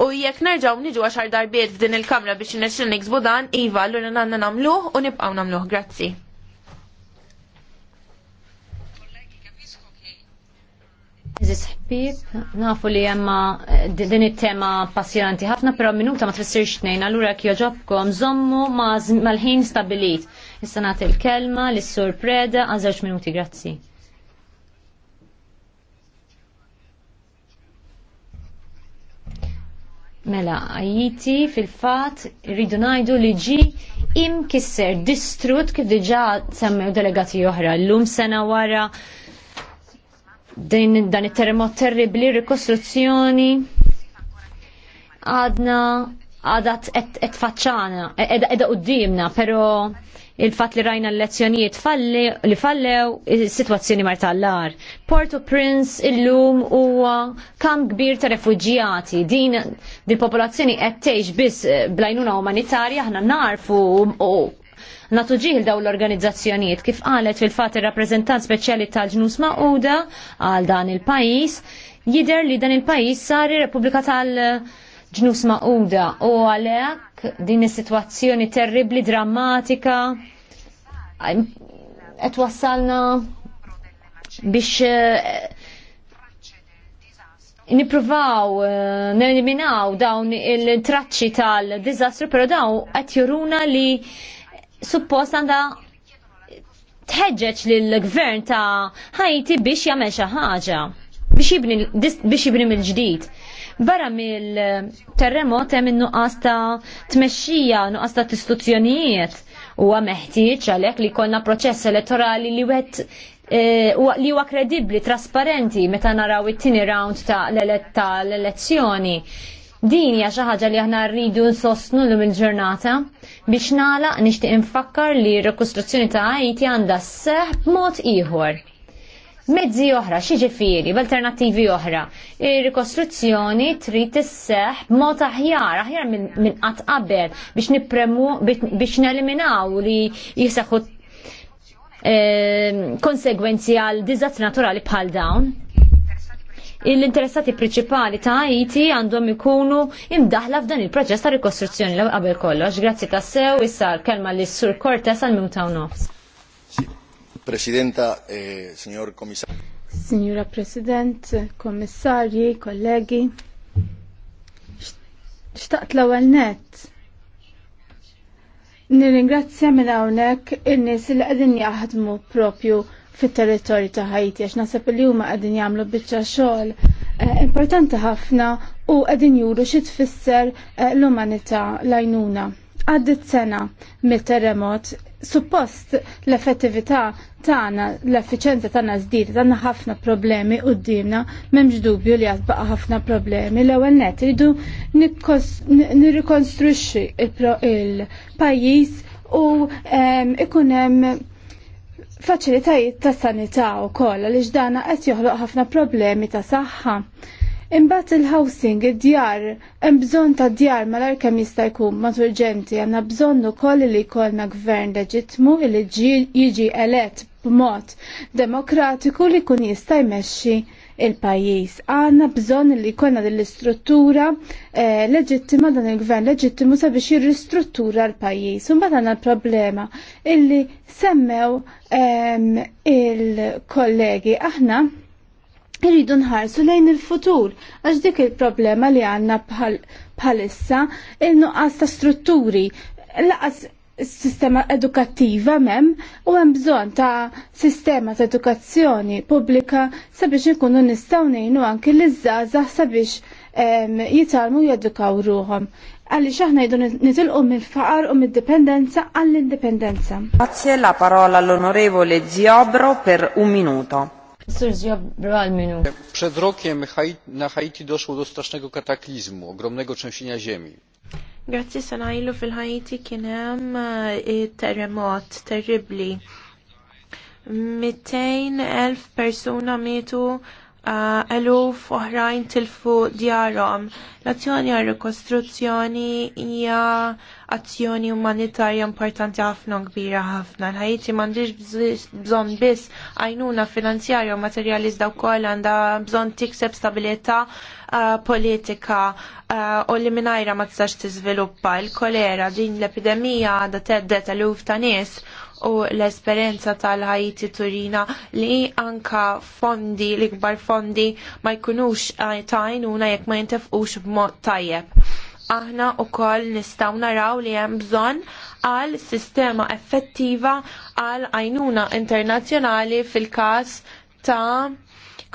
U jekk nerġgħu niġu għaxar darbiet f'din il-kamra biex nixtieq niksbu dan, iva, l-lura għandna nagħmluh u nibqgħu nagħmluh. Grazzi. Eżis ħbib, nafu li jemma din it-tema passjonanti ħafna, pero minuta ma tfissirx tnejn, allura ġobkom, zommu mal-ħin stabilit. Issa nagħti il-kelma lis sur Preda għal żewġ minuti, grazzi. Mela, Haiti fil-fat rridu ngħidu li ġi imkisser distrut kif diġà semmew delegati oħra llum sena wara din dan it-terremot terribli, rikostruzzjoni għadna għadat t-faċċana, edha uddimna, pero il-fat li rajna l-lezzjonijiet falli, li fallew, il-situazzjoni mar tal-lar. Port-au-Prince illum huwa kam kbir ta' refugjati. Din, din popolazzjoni qed tgħix biss eh, blajnuna umanitarja aħna narfu natu ġiħil daw l organizzazzjoniet kif qalet fil-fat ir-rappreżentant speċjali tal-ġnus Mauda għal dan il-pajis jider li dan il-pajis sar il repubblika tal-ġnus Mauda u għalhekk din is-sitwazzjoni terribli drammatika għet wassalna biex eh, nipruvaw eh, neliminaw dawn il-traċċi tal-dizastru, pero daw qed juruna li suppost għandha tħeġġeġ lill-gvern ta' Ħajti biex jagħmel xi ħaġa biex jibni mill-ġdid barra mill-terremot hemm in-nuqqas ta' tmexxija, nuqqas ta' istituzzjonijiet huwa meħtieġ għalhekk li jkollna proċess elettorali li wet eh, li huwa kredibbli, trasparenti meta naraw it-tieni round ta' l-elezzjoni. Din hija xi ħaġa li aħna rridu nsostnu lum il-ġurnata biex nagħlaq nixtieq infakkar li r-rekostruzzjoni ta' Haiti għandha seħ b'mod ieħor. Mezzi oħra, xi b'alternattivi oħra. Ir-rikostruzzjoni trid tisseħ b'mod aħjar, aħjar minn qatt qabel biex nippremu biex neliminaw li jisaħu eh, konsegwenzi għal diżastri naturali bħal dawn l-interessati principali ta' Haiti għandhom ikunu imdaħla f'dan il-proċess ta' rikostruzzjoni l qabel kollox. Grazzi ta' sew, issa l-kelma li sur Cortes għal mutaw nofs. Presidenta, eh, signor komissar. Signora President, Kommissarji, kollegi, xtaqt l-ewwel nett. Nirringrazzja minn hawnhekk in-nies li qegħdin jaħdmu propju fit-territorju ta' Ħajti għax naħseb li huma qegħdin jagħmlu biċċa xogħol eh, importanti ħafna u qegħdin juru xi tfisser eh, l-umanità lajnuna. Għaddit sena mit-terremot, suppost l-effettività tagħna, l-effiċenza tagħna żdied, għandna ħafna problemi qudiemna, m'hemmx dubju li għadbaq ħafna problemi. L-ewwel net iridu nirrikonstruxxi il-pajjiż u ehm, ikun hemm faċilitajiet ta' sanità u koll li ġdana qed joħloq ħafna problemi ta' saħħa. Imbagħad il-housing, id-djar, hemm bżonn ta' djar malar kemm jista' jkun ma' urġenti għandna bżonn ukoll li jkollna gvern leġittmu li jiġi elett b'mod demokratiku li jkun jista' jmexxi il-pajis. Għanna bżon li konna dell-istruttura eh, leġittima dan il-gvern leġittimu sabiex jirristruttura l-pajis. Un għanna l-problema illi semmew ehm, il-kollegi. Aħna irridu nħarsu lejn il-futur għax dik il-problema li għanna bħalissa il-nuqqas ta' strutturi laqas sistema edukattiva mem u hemm bżonn ta' sistema ta' edukazzjoni pubblika sabiex ikunu nistgħu ngħinu anke liż-żgħażagħ sabiex ehm, jitalmu jedukaw ruhom. Għalli xaħna jidu nitilqu mill-faqar u mid-dipendenza għall-indipendenza. Grazie la parola l-onorevole Ziobro per un minuto. minuto. Przed rokiem na Haiti doszło do strasznego kataklizmu, ogromnego trzęsienia ziemi. Grazzi sanajlu fil-ħajti kienem eh, terremot terribli. 200.000 persuna mietu Ah, eluf oħrajn tilfu djarhom. L-azzjoni għal rikostruzzjoni hija azzjoni umanitarja importanti ħafna kbira ħafna. L-Ħajti m'għandix bżonn biss għajnuna finanzjarja u materjali iżda wkoll għandha bżonn tikseb stabilità ah, politika ah, u li mingħajra ma tistax tiżviluppa. Il-kolera din l-epidemija għadha teddet eluf ta' nies u l-esperjenza tal-ħajti turina li anka fondi, l-ikbar fondi ma jkunux eh, tajnuna jekk ma jintefqux b'mod tajjeb aħna u koll nistaw naraw li hemm bżonn għal sistema effettiva għal għajnuna internazzjonali fil-kas ta'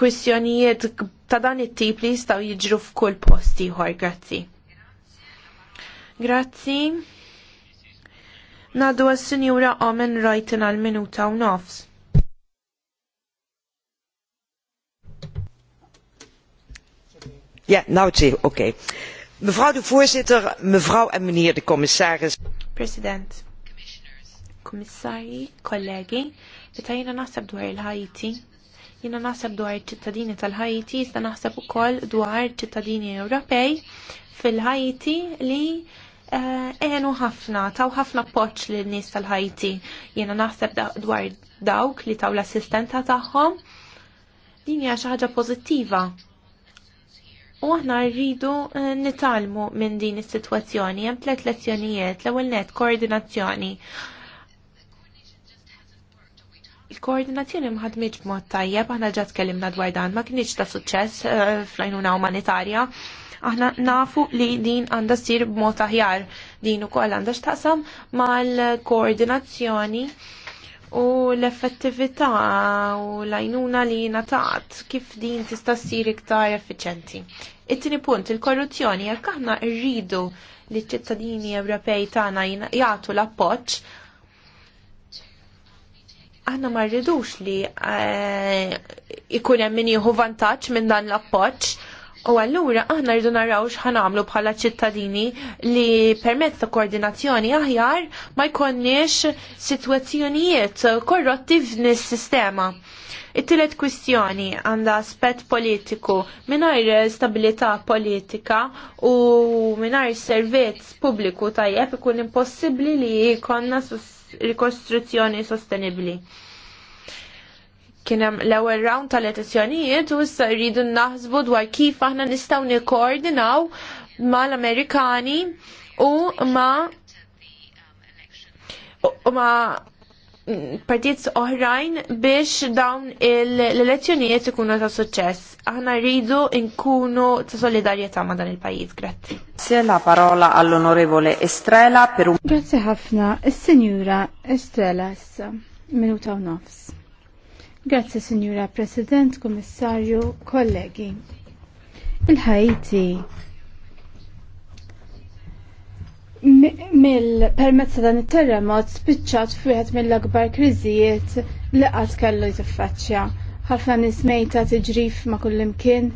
kwistjonijiet ta' dan it-tip li jistaw jiġru f'kull posti ieħor. Grazzi. Grazzi. Nadu għas-Sinjura għamen rajtin għal-minuta u nofs. Ja, nou zie, oké. Mevrouw de voorzitter, mevrouw en meneer de commissaris. President, commissari, collega, kollegi, is een naħseb dwar il-Haiti, jina naħseb dwar ċittadini tal-Haiti, jista naħseb koll dwar ċittadini Ewropej fil-Haiti li Eh, enu ħafna, taw ħafna poċ li n-nis tal-ħajti. Jena naħseb dwar dawk li taw l-assistenta taħħom. Din hija xi ħaġa pożittiva. U aħna rridu eh, nitalmu minn din is-sitwazzjoni. Hemm tliet lezzjonijiet, l-ewwel net koordinazzjoni. Il-koordinazzjoni mħadmiġ b'mod tajjeb, aħna ġa tkellimna dwar dan, ma kienx ta' suċċess eh, fl-għajnuna umanitarja. Aħna nafu li din għandha ssir b'mod aħjar. Din ukoll għandha x'taqsam mal-koordinazzjoni u l-effettività u l-għajnuna li nataqt kif din tista' ssir iktar effiċenti. It-tieni punt, il-korruzzjoni, jekk aħna rridu li ċittadini Ewropej tagħna jagħtu l-appoġġ aħna ma rridux li eh, ikun hemm min jieħu vantaġġ minn dan l-appoġġ U allura aħna rridu naraw x'ħanamlu bħala ċittadini li permezz ta' koordinazzjoni aħjar ma jkonniex sitwazzjonijiet korrotti f'nis sistema. It-tielet kwistjoni għandha aspett politiku mingħajr stabilità politika u mingħajr servizz pubbliku tajjeb ikun impossibbli li jkollna rikostruzzjoni sostenibbli. Kien hemm l-ewwel round tal-elezzjonijiet u issa rridu naħsbu dwar kif aħna nistgħu nikkoordinaw mal-Amerikani u ma u ma partijiet oħrajn biex dawn l-elezzjonijiet ikunu ta' suċċess. Aħna rridu nkunu ta' solidarjetà ma' dan il-pajjiż. Grazzi. Grazie la parola all'onorevole Estrela per un Grazie ħafna, is-Sinjura Estrela issa minuta u nofs. Grazzi, Signora President, Commissario, kollegi. Il-Haiti mill-permezz dan it-terremot spiċċat f'wieħed mill-akbar kriżijiet li qatt kellu jtiffaċċja. Ħafna nismejta tiġrif ma' kullimkien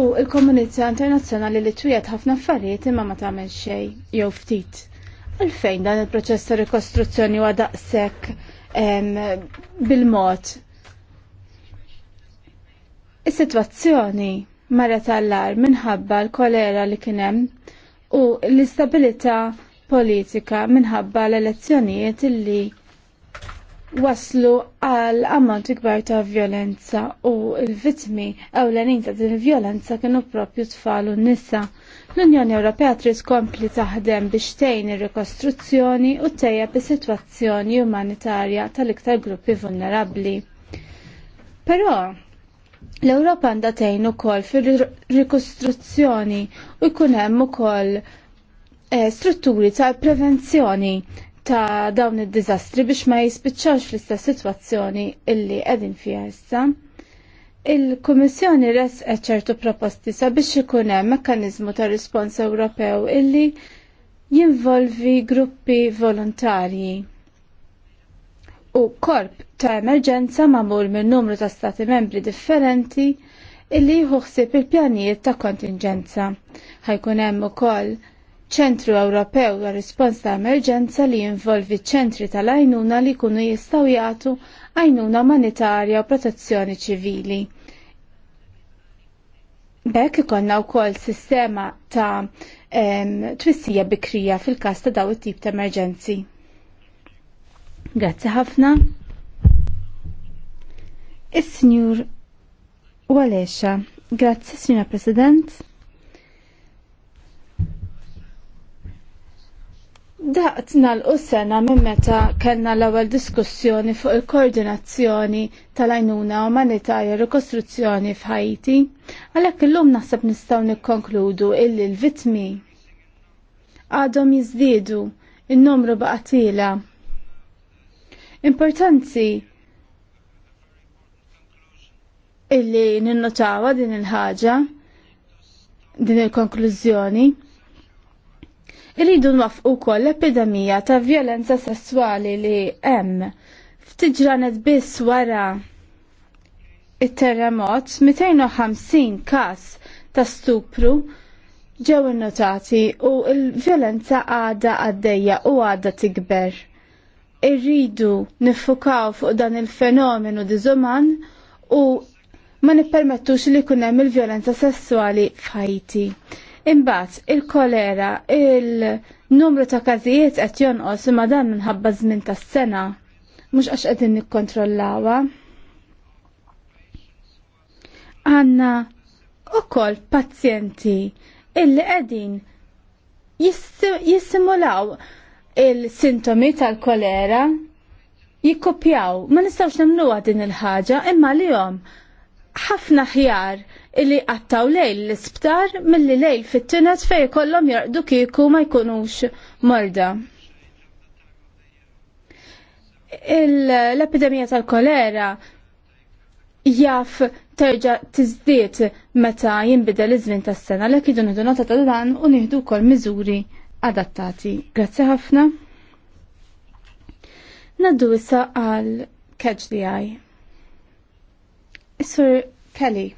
u l-komunità internazzjonali li twiet ħafna affarijiet imma ma tagħmel xejn jew ftit. Għalfejn dan il-proċess ta' rikostruzzjoni huwa daqshekk bil-mod Is-sitwazzjoni marret allar minħabba l-kolera li kienem u l-istabilità politika minħabba l-elezzjonijiet li waslu għal ammont ikbar ta' violenza u l-vittmi ewlenin ta' din il-violenza kienu propju tfal u nisa. L-Unjoni Ewropea trid kompli taħdem biex tgħin ir-rikostruzzjoni u tejja is-sitwazzjoni umanitarja tal-iktar gruppi vulnerabbli. Però L-Ewropa għandha tgħin ukoll fir-rikostruzzjoni u jkun hemm ukoll eh, strutturi ta' prevenzjoni ta' dawn id-diżastri biex ma jispiċċawx l-istess sitwazzjoni illi qegħdin fiha issa. Il-Kummissjoni res ċertu proposti sabiex ikun hemm mekkaniżmu ta' rispons Ewropew illi jinvolvi gruppi volontarji u korp ta' emerġenza mamur minn numru ta' stati membri differenti illi jħuħsib il-pjanijiet ta' kontingenza. Ħajkun hemm ukoll ċentru Ewropew għal rispons ta' emerġenza li jinvolvi ċentri tal-għajnuna li kunu jistaw jagħtu għajnuna umanitarja u protezzjoni ċivili. Bekk ikonna wkoll sistema ta' twissija bikrija fil-każ ta' daw it-tip ta' emerġenzi. Grazzi ħafna. Is-Sinjur Walesha. Grazie, Signor President. Daqtna l qussena minn meta kellna l-ewwel diskussjoni fuq il-koordinazzjoni tal-għajnuna umanitarja rikostruzzjoni f'Ħajti, għalhekk illum naħseb nistgħu nikkonkludu illi l-vitmi għadhom jiżdiedu in-numru baqatila Importanti illi ninnotawa din il-ħaġa, din il-konklużjoni, irridu nwafqu koll l-epidemija ta' violenza sessuali li hemm ftiġranet biss wara il terremot 250 kas ta' stupru ġew innotati u l-violenza għada għaddejja u għada tikber irridu nifukaw fuq dan il-fenomenu diżuman u ma nippermettux li jkun hemm il-vjolenza sessuali f'Ħajti. Imbagħad il-kolera, il-numru ta' każijiet qed jonqos imma dan minħabba żmien tas-sena mhux għax qegħdin nikkontrollawha. Għanna ukoll pazjenti illi qegħdin jissimulaw jis il-sintomi tal-kolera jikkopjaw. Ma nistawx namluwa din il-ħaġa imma li jom ħafna ħjar illi għattaw lejl l-isptar mill-li lejl fit-tunet fej kollom jarqdu kieku ma jkunux morda. L-epidemija tal-kolera jaf terġa tizdiet meta jinbidel iż-żmien tas-sena l-ek jidu nota ta' dan u nieħdu wkoll miżuri adattati. Grazzi ħafna. Naddu issa għal Catch the Eye. Sir Kelly.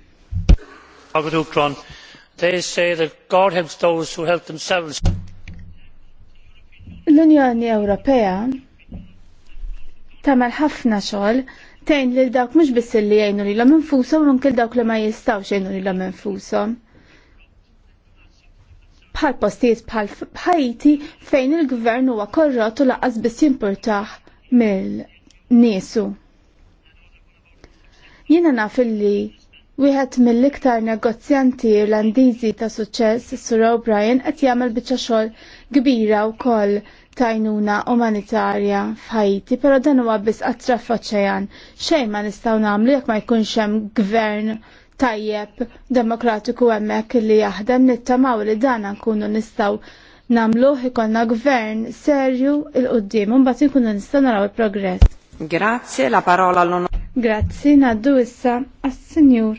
They say that God helps those who help themselves. L-Unjoni Ewropea tamal ħafna xogħol tgħin lil dawk mhux biss li jgħinu lilhom infushom u mkien dawk li ma jistgħux jgħinu lilhom infushom bħal postijiet bħal ħajti fejn il-gvern huwa korrot u laqas biss jimpurtaħ mill-niesu. Jiena naf li wieħed mill-iktar negozjanti Irlandiżi ta' suċċess, Sir O'Brien, qed jagħmel biċċa xogħol kbira wkoll tajnuna umanitarja f'Ħajti, però dan huwa biss qatt oċean. Xejn ma nistgħu nagħmlu jekk ma jkunx hemm gvern tajjeb demokratiku hemmhekk li jaħdem nittamaw li dan nkunu nistgħu namluħ ikollna gvern serju il-qoddim un bat nkunu nistaw naraw il-progress. Grazie, la parola l Grazie, naddu issa għas-Sinjur,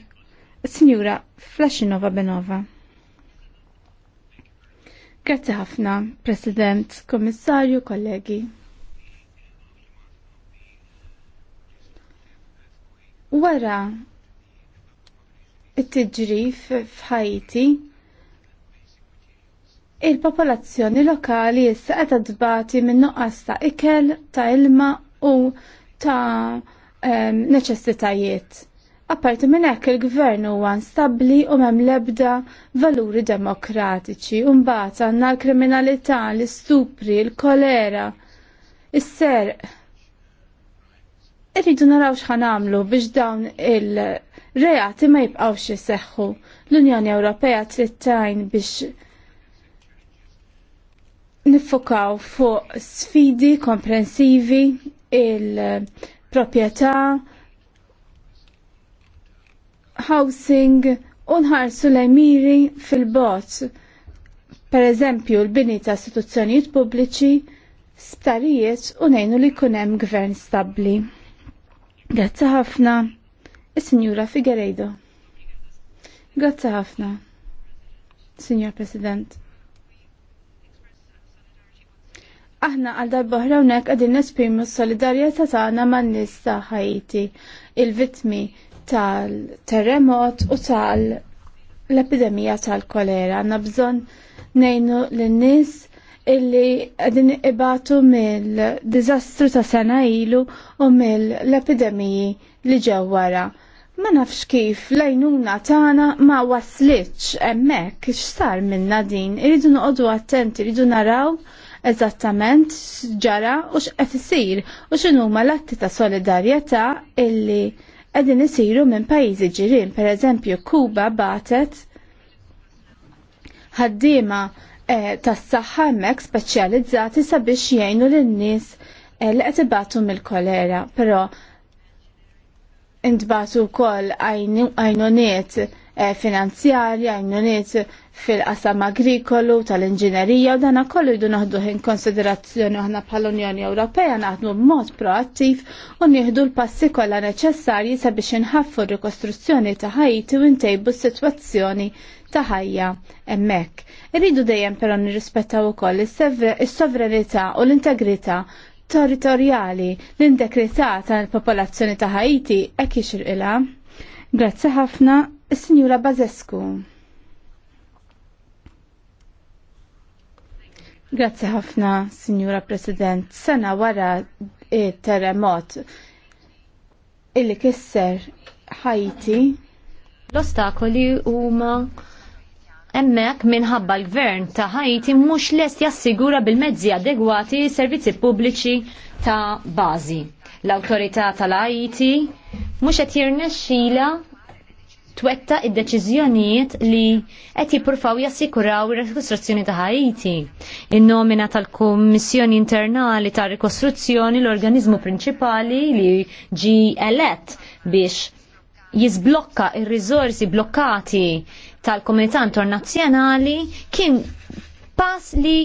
signura Flashinova Benova. Grazie ħafna, President, Kommissarju, kollegi. Wara it-tiġrif f'Ħajti il-popolazzjoni lokali issa qed tbati minn nuqqas ta' ikel, ta' ilma u ta' um, neċessitajiet. Apparti minn hekk il-gvern huwa instabbli u hemm l-ebda valuri demokratiċi u mbagħad għandna l-kriminalità, l-istupri, l-kolera, is-serq. Irridu naraw x'ħan biex dawn il- reati ma jibqawx jiseħħu. L-Unjoni Ewropea trid tajn biex nifokaw fuq sfidi komprensivi il-propieta, housing u nħarsu l miri fil-bot. Per eżempju, l-bini ta' istituzzjonijiet pubbliċi, sptarijiet u nejnu li kunem gvern stabli. Grazzi ħafna. Is-Sinjura Figueiredo. Grazzi ħafna, Sinjur President. Aħna għal darba oħra hawnhekk qegħdin nesprimu s-solidarjetà tagħna man-nies ta' Ħajti, il-vittmi tal-terremot u tal-epidemija tal-kolera. Għandna bżonn ngħinu lin-nies illi għadin ibatu mill-dizastru ta' sena ilu u mill-epidemiji li ġew wara. Ma nafx kif lajnuna tagħna ma waslitx hemmhekk x'sar minna din. Iridu noqogħdu attenti, iridu naraw eżattament ġara u x'qed isir u x'inhuma l-atti ta' solidarjetà illi qegħdin isiru minn pajjiżi ġirien, pereżempju Kuba batet ħaddiema eh, tas-saħħa hemmhekk speċjalizzati sabiex jgħinu lin-nies eh, li qed ibatu mill-kolera, però Intbatu kol għajnuniet eh, finanzjari, għajnuniet fil-qasam agrikolu, tal-inġinerija, u dana kollu jdu naħdu in konsiderazzjoni aħna pal unjoni Ewropea naħdmu b'mod proattiv u nieħdu l-passi kollha neċessarji sabiex inħaffu r-rikostruzzjoni ta' ħajti u ntejbu s-sitwazzjoni ta' ħajja hemmhekk. Irridu dejjem però nirrispettaw ukoll is-sovranità u l-integrità territorjali l indekretata tal-popolazzjoni ta' Haiti hekk ila. Grazzi ħafna, is Bazescu. Grazzi ħafna, Signora President. Sena wara terremot il kisser Haiti. L-ostakoli huma Emmek minħabba l-gvern ta' Haiti mhux lest jassigura bil-mezzi adegwati servizzi pubbliċi ta' bażi. L-awtorità tal ħajti mhux qed jirnexxila twetta id-deċiżjonijiet li qed jippurfaw jassikuraw ir-rekostruzzjoni ta' Haiti. In-nomina tal-Kummissjoni Internali ta' Rikostruzzjoni l-organizmu prinċipali li ġi elett biex jizblokka ir-riżorsi blokkati tal-Komunità Internazzjonali kien pass li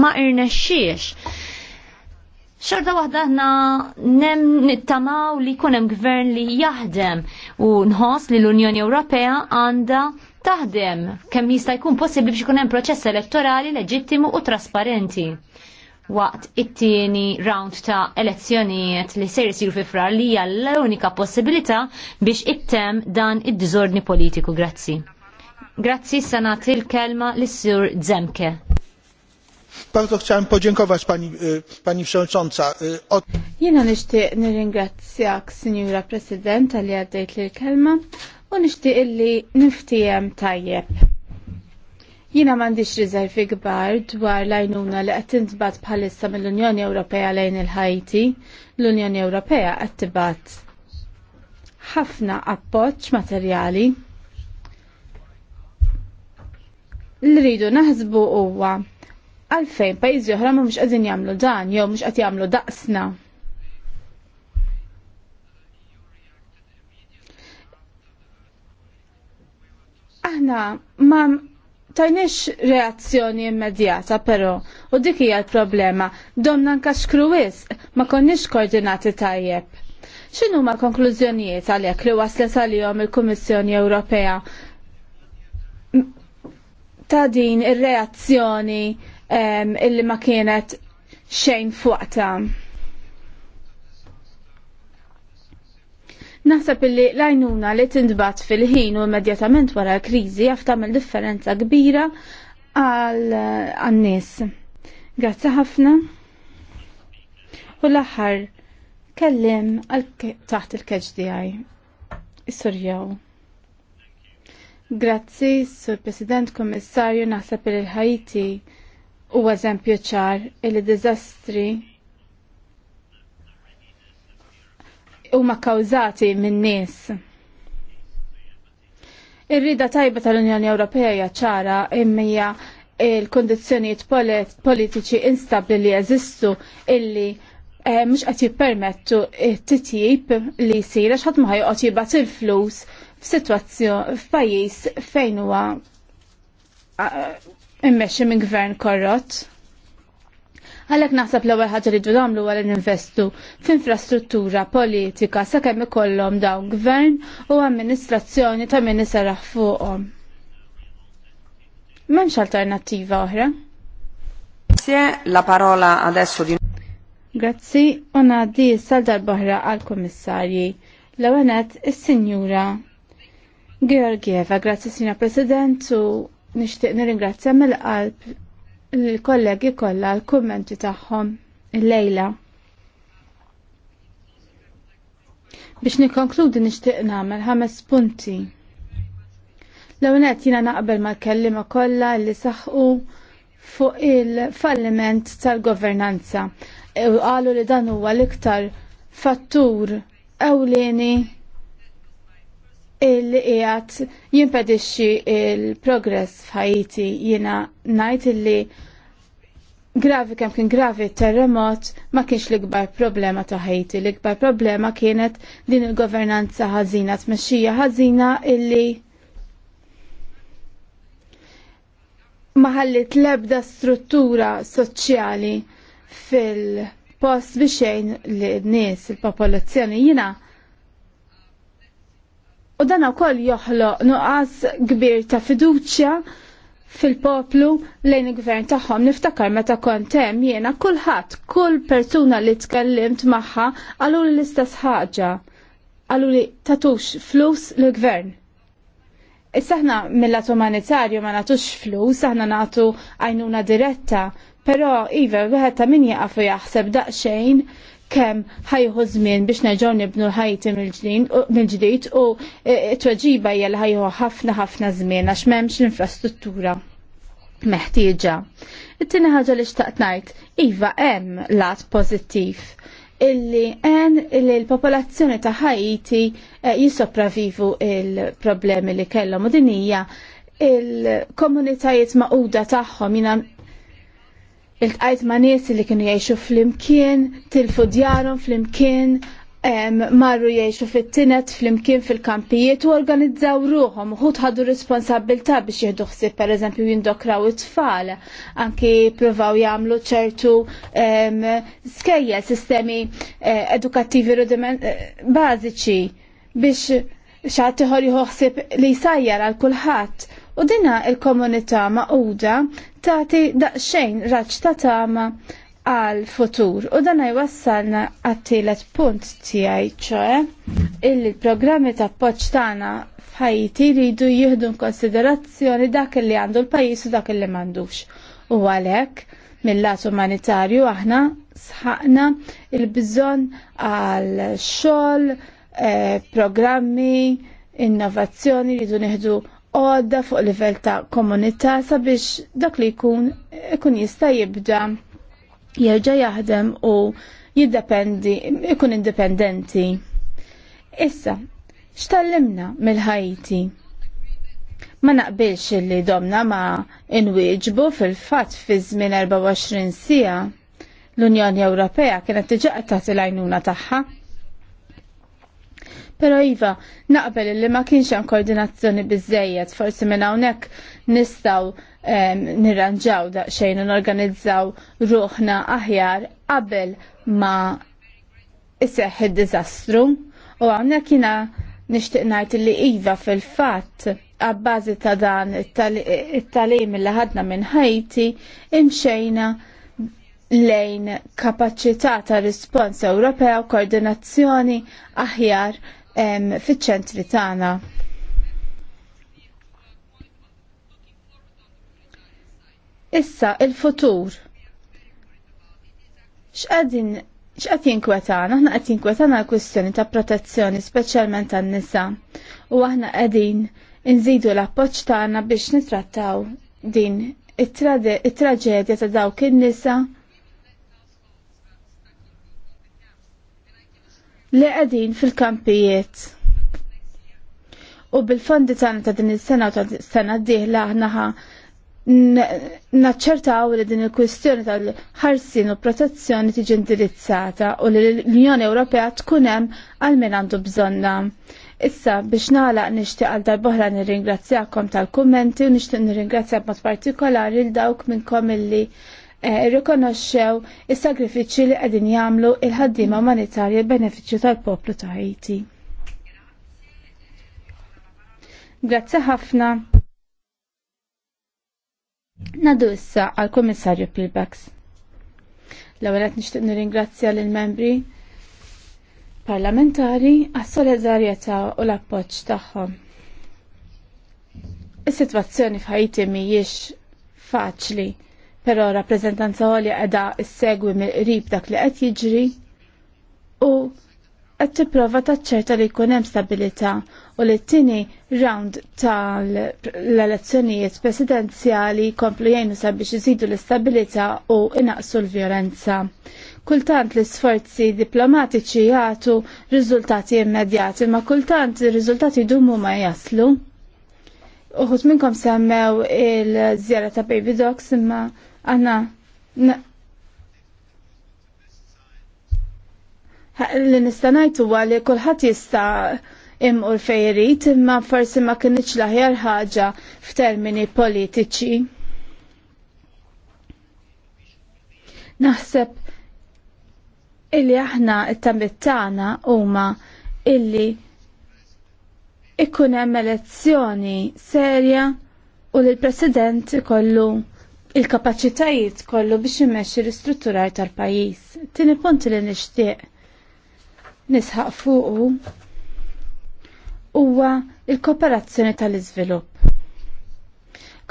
ma irnexxiex. Xorta waħda ħna nem nittamaw li kunem gvern li jaħdem u nħoss li l-Unjoni Ewropea għanda taħdem kemm jista' jkun possibbli biex ikun hemm proċess elettorali leġittimu u trasparenti waqt it-tieni round ta' elezzjonijiet li ser isiru fi frar li hija l-unika possibilità biex ittem dan id-diżordni politiku. Grazzi. Grazzi sanat il-kelma l-Sur Zemke. Bardzo chciałem podziękować pani, pani przewodnicząca. Od... Jena nishti nirringrazzjak, Signora President, li għaddejt li l-kelma u nishti illi niftijem tajjeb. Jina mandiċ rizervi gbar dwar lajnuna li qed tintbat bħalissa mill-Unjoni Ewropea lejn il-Ħajti. L-Unjoni Ewropea qed tibat ħafna appoġġ materjali li rridu naħsbu huwa għalfejn pajjiżi oħra mhux qegħdin jagħmlu dan jew mhux qed jagħmlu daqsna. Aħna ma tajniex reazzjoni immedjata però u dik hija l-problema domna nka xkruwis ma konniex koordinati tajjeb. X'inhuma ma konklużjonijiet għalhekk li waslet għalihom il-Kummissjoni Ewropea ta' din ir-reazzjoni um, illi ma kienet xejn fuqta. Naħseb illi lajnuna li tindbat fil-ħin u immedjatament wara l-kriżi jaf tagħmel differenza kbira għal-nies. Grazzi ħafna. U l-aħħar kellim għal taħt il-keġ tiegħi. Is-surjaw. Grazzi, Sur President Kommissarju, naħseb il l-Ħajti u eżempju ċar li dizastri huma kawzati minn nies. Ir-rida tajba tal-Unjoni Ewropea hija ċara imma il-kondizzjonijiet politiċi instabli li jeżistu illi eh, mhux qed jippermettu t-titjib li jsir għax ħadd ma ħajqgħod jibgħat il-flus f'sitwazzjoni f'pajjiż fejn huwa immexxi minn gvern korrott. Għalhekk naħseb l-ewwel ħaġa li nagħmlu huwa li ninvestu f'infrastruttura politika sakemm ikollhom dawn gvern u amministrazzjoni ta' min iseraħ fuqhom. M'hemmx alternattiva oħra. Grazie, la parola adesso di Grazzi, u ngħaddi sal darbohra għall kummissarji l-ewwel is-Sinjura Georgieva, grazie sinja President u nishtiq nirringrazzja mill-qalb l-kollegi kollha l-kummenti tagħhom il-lejla. Biex nikkonkludi nixtieq nagħmel ħames punti. L-ewwel qed jiena naqbel mal-kellima kollha li saħqu fuq il-falliment tal-governanza. E, u Qalu li dan huwa l-iktar fattur ewlieni illi qiegħed jimpedixxi il-progress f'Ħajti jiena ngħid li gravi kemm kien gravi terremot ma kienx l-ikbar problema ta' Ħajti. L-ikbar problema kienet din il-governanza ħażina tmexxija ħażina illi ma ħallit l-ebda struttura soċjali fil-post li l-nies, il-popolazzjoni. Jina U dan ukoll joħloq nuqqas kbir ta' fiduċja fil-poplu lejn il-gvern tagħhom. Niftakar meta kont hemm jiena kulħadd, kull persuna li tkellimt magħha qalu li l-istess ħaġa. Qalu li tatux flus l-gvern. Issa aħna mill-lat umanitarju ma nagħtux flus, aħna nagħtu għajnuna diretta, però iva wieħed ta' min jaqafu jaħseb daqsxejn kem ħajħu żmien biex nerġgħu nibnu ħajti mill-ġdid u t-tweġiba e, e, hija ħajħu ħafna ħafna żmien għax m'hemmx l-infrastruttura meħtieġa. It-tieni ħaġa li xtaqt ngħid, iva hemm lat pożittiv illi għen illi l-popolazzjoni ta' Haiti e, jisopravivu il-problemi li kellhom u dinija il-komunitajiet maquda tagħhom jina il-tqajt ma' nies li kienu jgħixu fl-imkien, tilfu djarhom fl-imkien, marru jgħixu fit-tinet fl-imkien fil-kampijiet u organizzaw ruhom u ħadu responsabilta biex jieħdu ħsieb pereżempju jindokraw it-tfal, anki provaw jagħmlu ċertu skejja sistemi eh, edukattivi eh, bażiċi biex xaħat tiħor ħsieb li jsajjar għal kulħadd U dina il-komunità maquda tati daqsxejn raġġ ta' tama għal futur u dan jwassalna għattilet punt tiegħi ċoħe il-programmi ta' appoġġ tagħna f'Ħajti jridu jieħdu konsiderazzjoni dak li għandu l-pajjiż u dak li m'għandux. U għalhekk mill-lat umanitarju aħna sħaqna il-bżonn għal xogħol, eh, programmi, innovazzjoni jridu nieħdu għodda fuq livell ta' komunità sabiex dak li jkun ikun jista' jibda jerġa' jaħdem u jiddependi, ikun indipendenti. Issa, x'tallimna mill-Ħajti? Ma naqbilx li domna ma inwieġbu fil-fatt fi żmien 24 sija. L-Unjoni Ewropea kienet diġà qed tagħti l-għajnuna tagħha Pero Iva, naqbel li ma kienx hemm koordinazzjoni biżejjed, forsi minn hawnhekk nistgħu ehm, nirranġaw daqsxejn u norganizzaw ruħna aħjar qabel ma iseħħ id-diżastru. U hawnhekk jiena nixtieq ngħid li iva fil-fatt għabbażi ta' dan it-talim li ħadna minn Ħajti imxejna lejn kapaċità ta' rispons Ewropea u koordinazzjoni aħjar fiċ-ċentri tagħna. Issa il-futur. X'qegħdin x'qed jinkwetana? Aħna qed jinkwetana l-kwistjoni ta' protezzjoni speċjalment tan-nisa u aħna qegħdin inżidu l-appoġġ tagħna biex nitrattaw din it-traġedja ta' dawk in-nisa li qegħdin fil-kampijiet. U bil-fondi tagħna ta' din is-sena u ta' sena d-dieħla naċċerta naċċertaw li din il-kwistjoni tal-ħarsin u protezzjoni tiġi indirizzata u li l-Unjoni Ewropea tkun hemm għal min għandu bżonna. Issa biex nagħlaq nixtieq għal darbohra nirringrazzjakom tal-kummenti u nixtieq nirringrazzja b'mod partikolari l dawk minnkom illi Eh, rikonoxxew is-sagrifiċċji li qegħdin jagħmlu il-ħaddiema umanitarja benefiċċju tal-poplu ta' Haiti. Grazzi ħafna. Nadu issa għal komissarju Pilbax. L-ewwel qed nixtieq nirringrazzja lill membri parlamentari għas-solidarjetà u l-appoġġ tagħhom. Is-sitwazzjoni f'Ħajti mhijiex faċli però rappreżentanza għolja qiegħda segwi mill-qrib dak li qed jiġri u qed tipprova taċċerta li jkun hemm stabilità u li t-tieni round tal-elezzjonijiet presidenzjali jkomplu jgħinu sabiex iżidu l istabilita u inaqsu l-vjolenza. Kultant l-isforzi diplomatiċi jagħtu riżultati immedjati, ma kultant ir-riżultati jdumu ma jaslu. Uħut minnkom semmew il-żjara ta' Baby Dogs imma Għanna li nistanajtu għalli kullħat jista imur l-fejrit imma forsi ma kienieċ laħjar ħaġa f'termini politiċi. Naħseb illi aħna it-tamittana huma illi ikkun hemm elezzjoni serja u l-President ikollu il-kapacitajiet kollu biex immexxi l-istrutturar tal-pajjiż. Tieni punt li nixtieq nisħaq fuqu huwa il-kooperazzjoni tal-iżvilupp.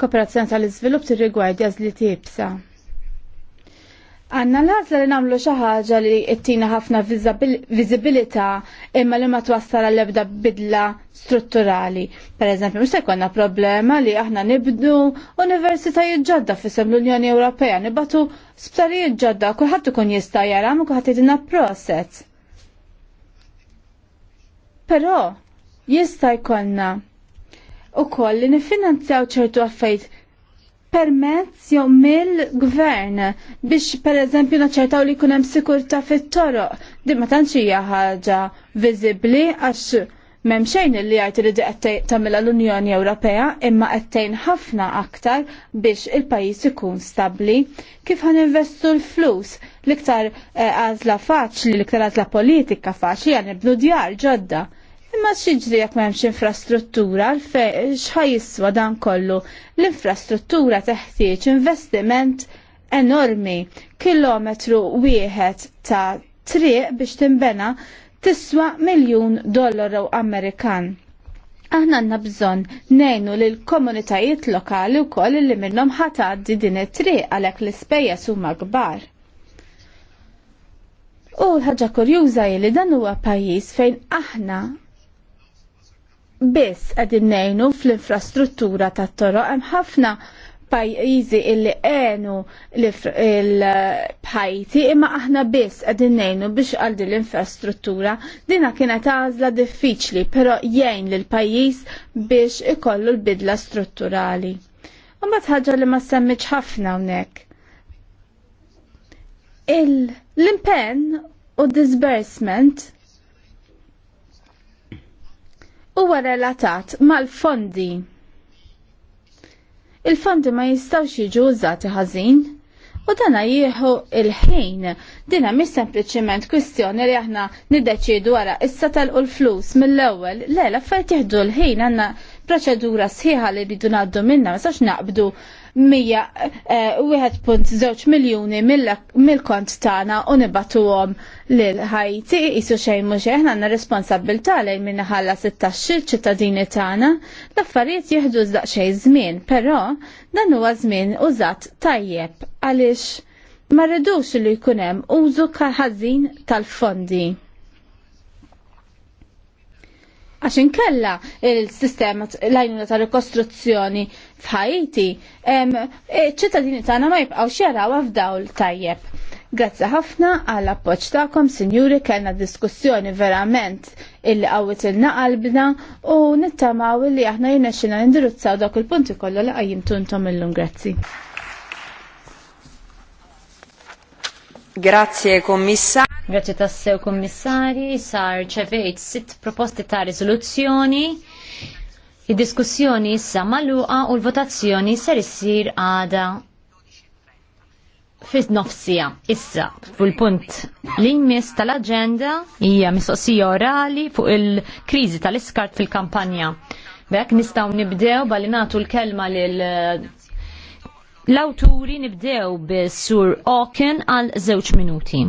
Kooperazzjoni tal-iżvilupp tirrigwardja li tibsa' Għanna lazla li namlu xaħġa li jittina ħafna vizibilita imma li ma twassal għall-ebda bidla strutturali. Per eżempju, mux sekonna problema li aħna nibdu universitajiet ġodda fissem l-Unjoni Ewropea, nibatu sptarijiet ġodda, kuħat ikun jista jara, ma kuħat jidina proset. Pero, jista jkollna u koll li nifinanzjaw ċertu għaffajt permezz jew mill-gvern biex pereżempju naċċertaw li jkun hemm sikurtà fit-toroq. Din ma tantx hija ħaġa viżibbli għax m'hemm xejn li jgħid irid qed tagħmilha l-Unjoni Ewropea imma qed tgħin ħafna aktar biex il-pajjiż ikun stabbli. Kif ħan investu l-flus? L-iktar eh, għażla faċli, l-iktar għażla politika faċli għan nibnu djar ġodda Imma xieġri jekk m'hemmx infrastruttura għalfej x'ħajiswa dan kollu. L-infrastruttura teħtieġ investiment enormi. Kilometru wieħed ta' triq biex timbena tiswa miljun dollaru Amerikan. Aħna għanna bżon nejnu l komunitajiet lokali u koll li minnom ħataddi din it-triq għalek l ispeja summa gbar. U ħagġa kurjuża li dan huwa pajjiż fejn aħna biss għedin nejnu fl-infrastruttura ta' toroq hemm ħafna pajjiżi illi għenu l-bħajti imma aħna biss għedin nejnu biex għaldi l-infrastruttura dina kienet għażla diffiċli però jgħin l pajjiż biex ikollu l-bidla strutturali. U ħagġa li ma semmitx ħafna hawnhekk. L-impenn u disbursement huwa relatat mal-fondi. Il-fondi ma jistawx jiġu użati ħażin u dana jieħu il-ħin. Dina mis sempliċiment kwistjoni li aħna niddeċidu wara issa tal qul l-flus mill-ewwel. Le, l-affarijiet jieħdu l-ħin għandna proċedura sħiħa li rridu ngħaddu minna, ma sax naqbdu 1.0 eh, miljuni mill-kont tagħna u nibatuhom lil Ħajti qisu xejn mhux aħna għandna responsabilità lejn minna ħalla 16 ċittadini tagħna l-affarijiet zda xej żmien, però dan huwa żmien użat tajjeb għaliex ma rridux li jkun hemm użu ħażin tal-fondi. Għax inkella il-sistema l-għajnuna ta' rikostruzzjoni f'Ħajti, ċittadini tagħna ma jibqgħux jarawha f'dawl tajjeb. Grazzi ħafna għall appoġġ tagħkom, sinjuri, kellna diskussjoni verament illi qawwet ilna qalbna u nittamaw li aħna jirnexxina nindirizzaw dawk il-punti kollha li qajjimtu intom illum. Grazzi. Grazie kommissar. Grazie tassew kommissari, sar ċevejt sitt proposti ta' risoluzzjoni. Id-diskussjoni issa maluqa u l-votazzjoni ser issir għada fis nofsija issa fil punt li jmiss tal-agenda hija mistoqsija orali fuq il-kriżi tal-iskart fil-kampanja. Bek nistaw nibdew bali nagħtu l-kelma lil L-awturi nibdew bis-sur Oken għal żewġ minuti.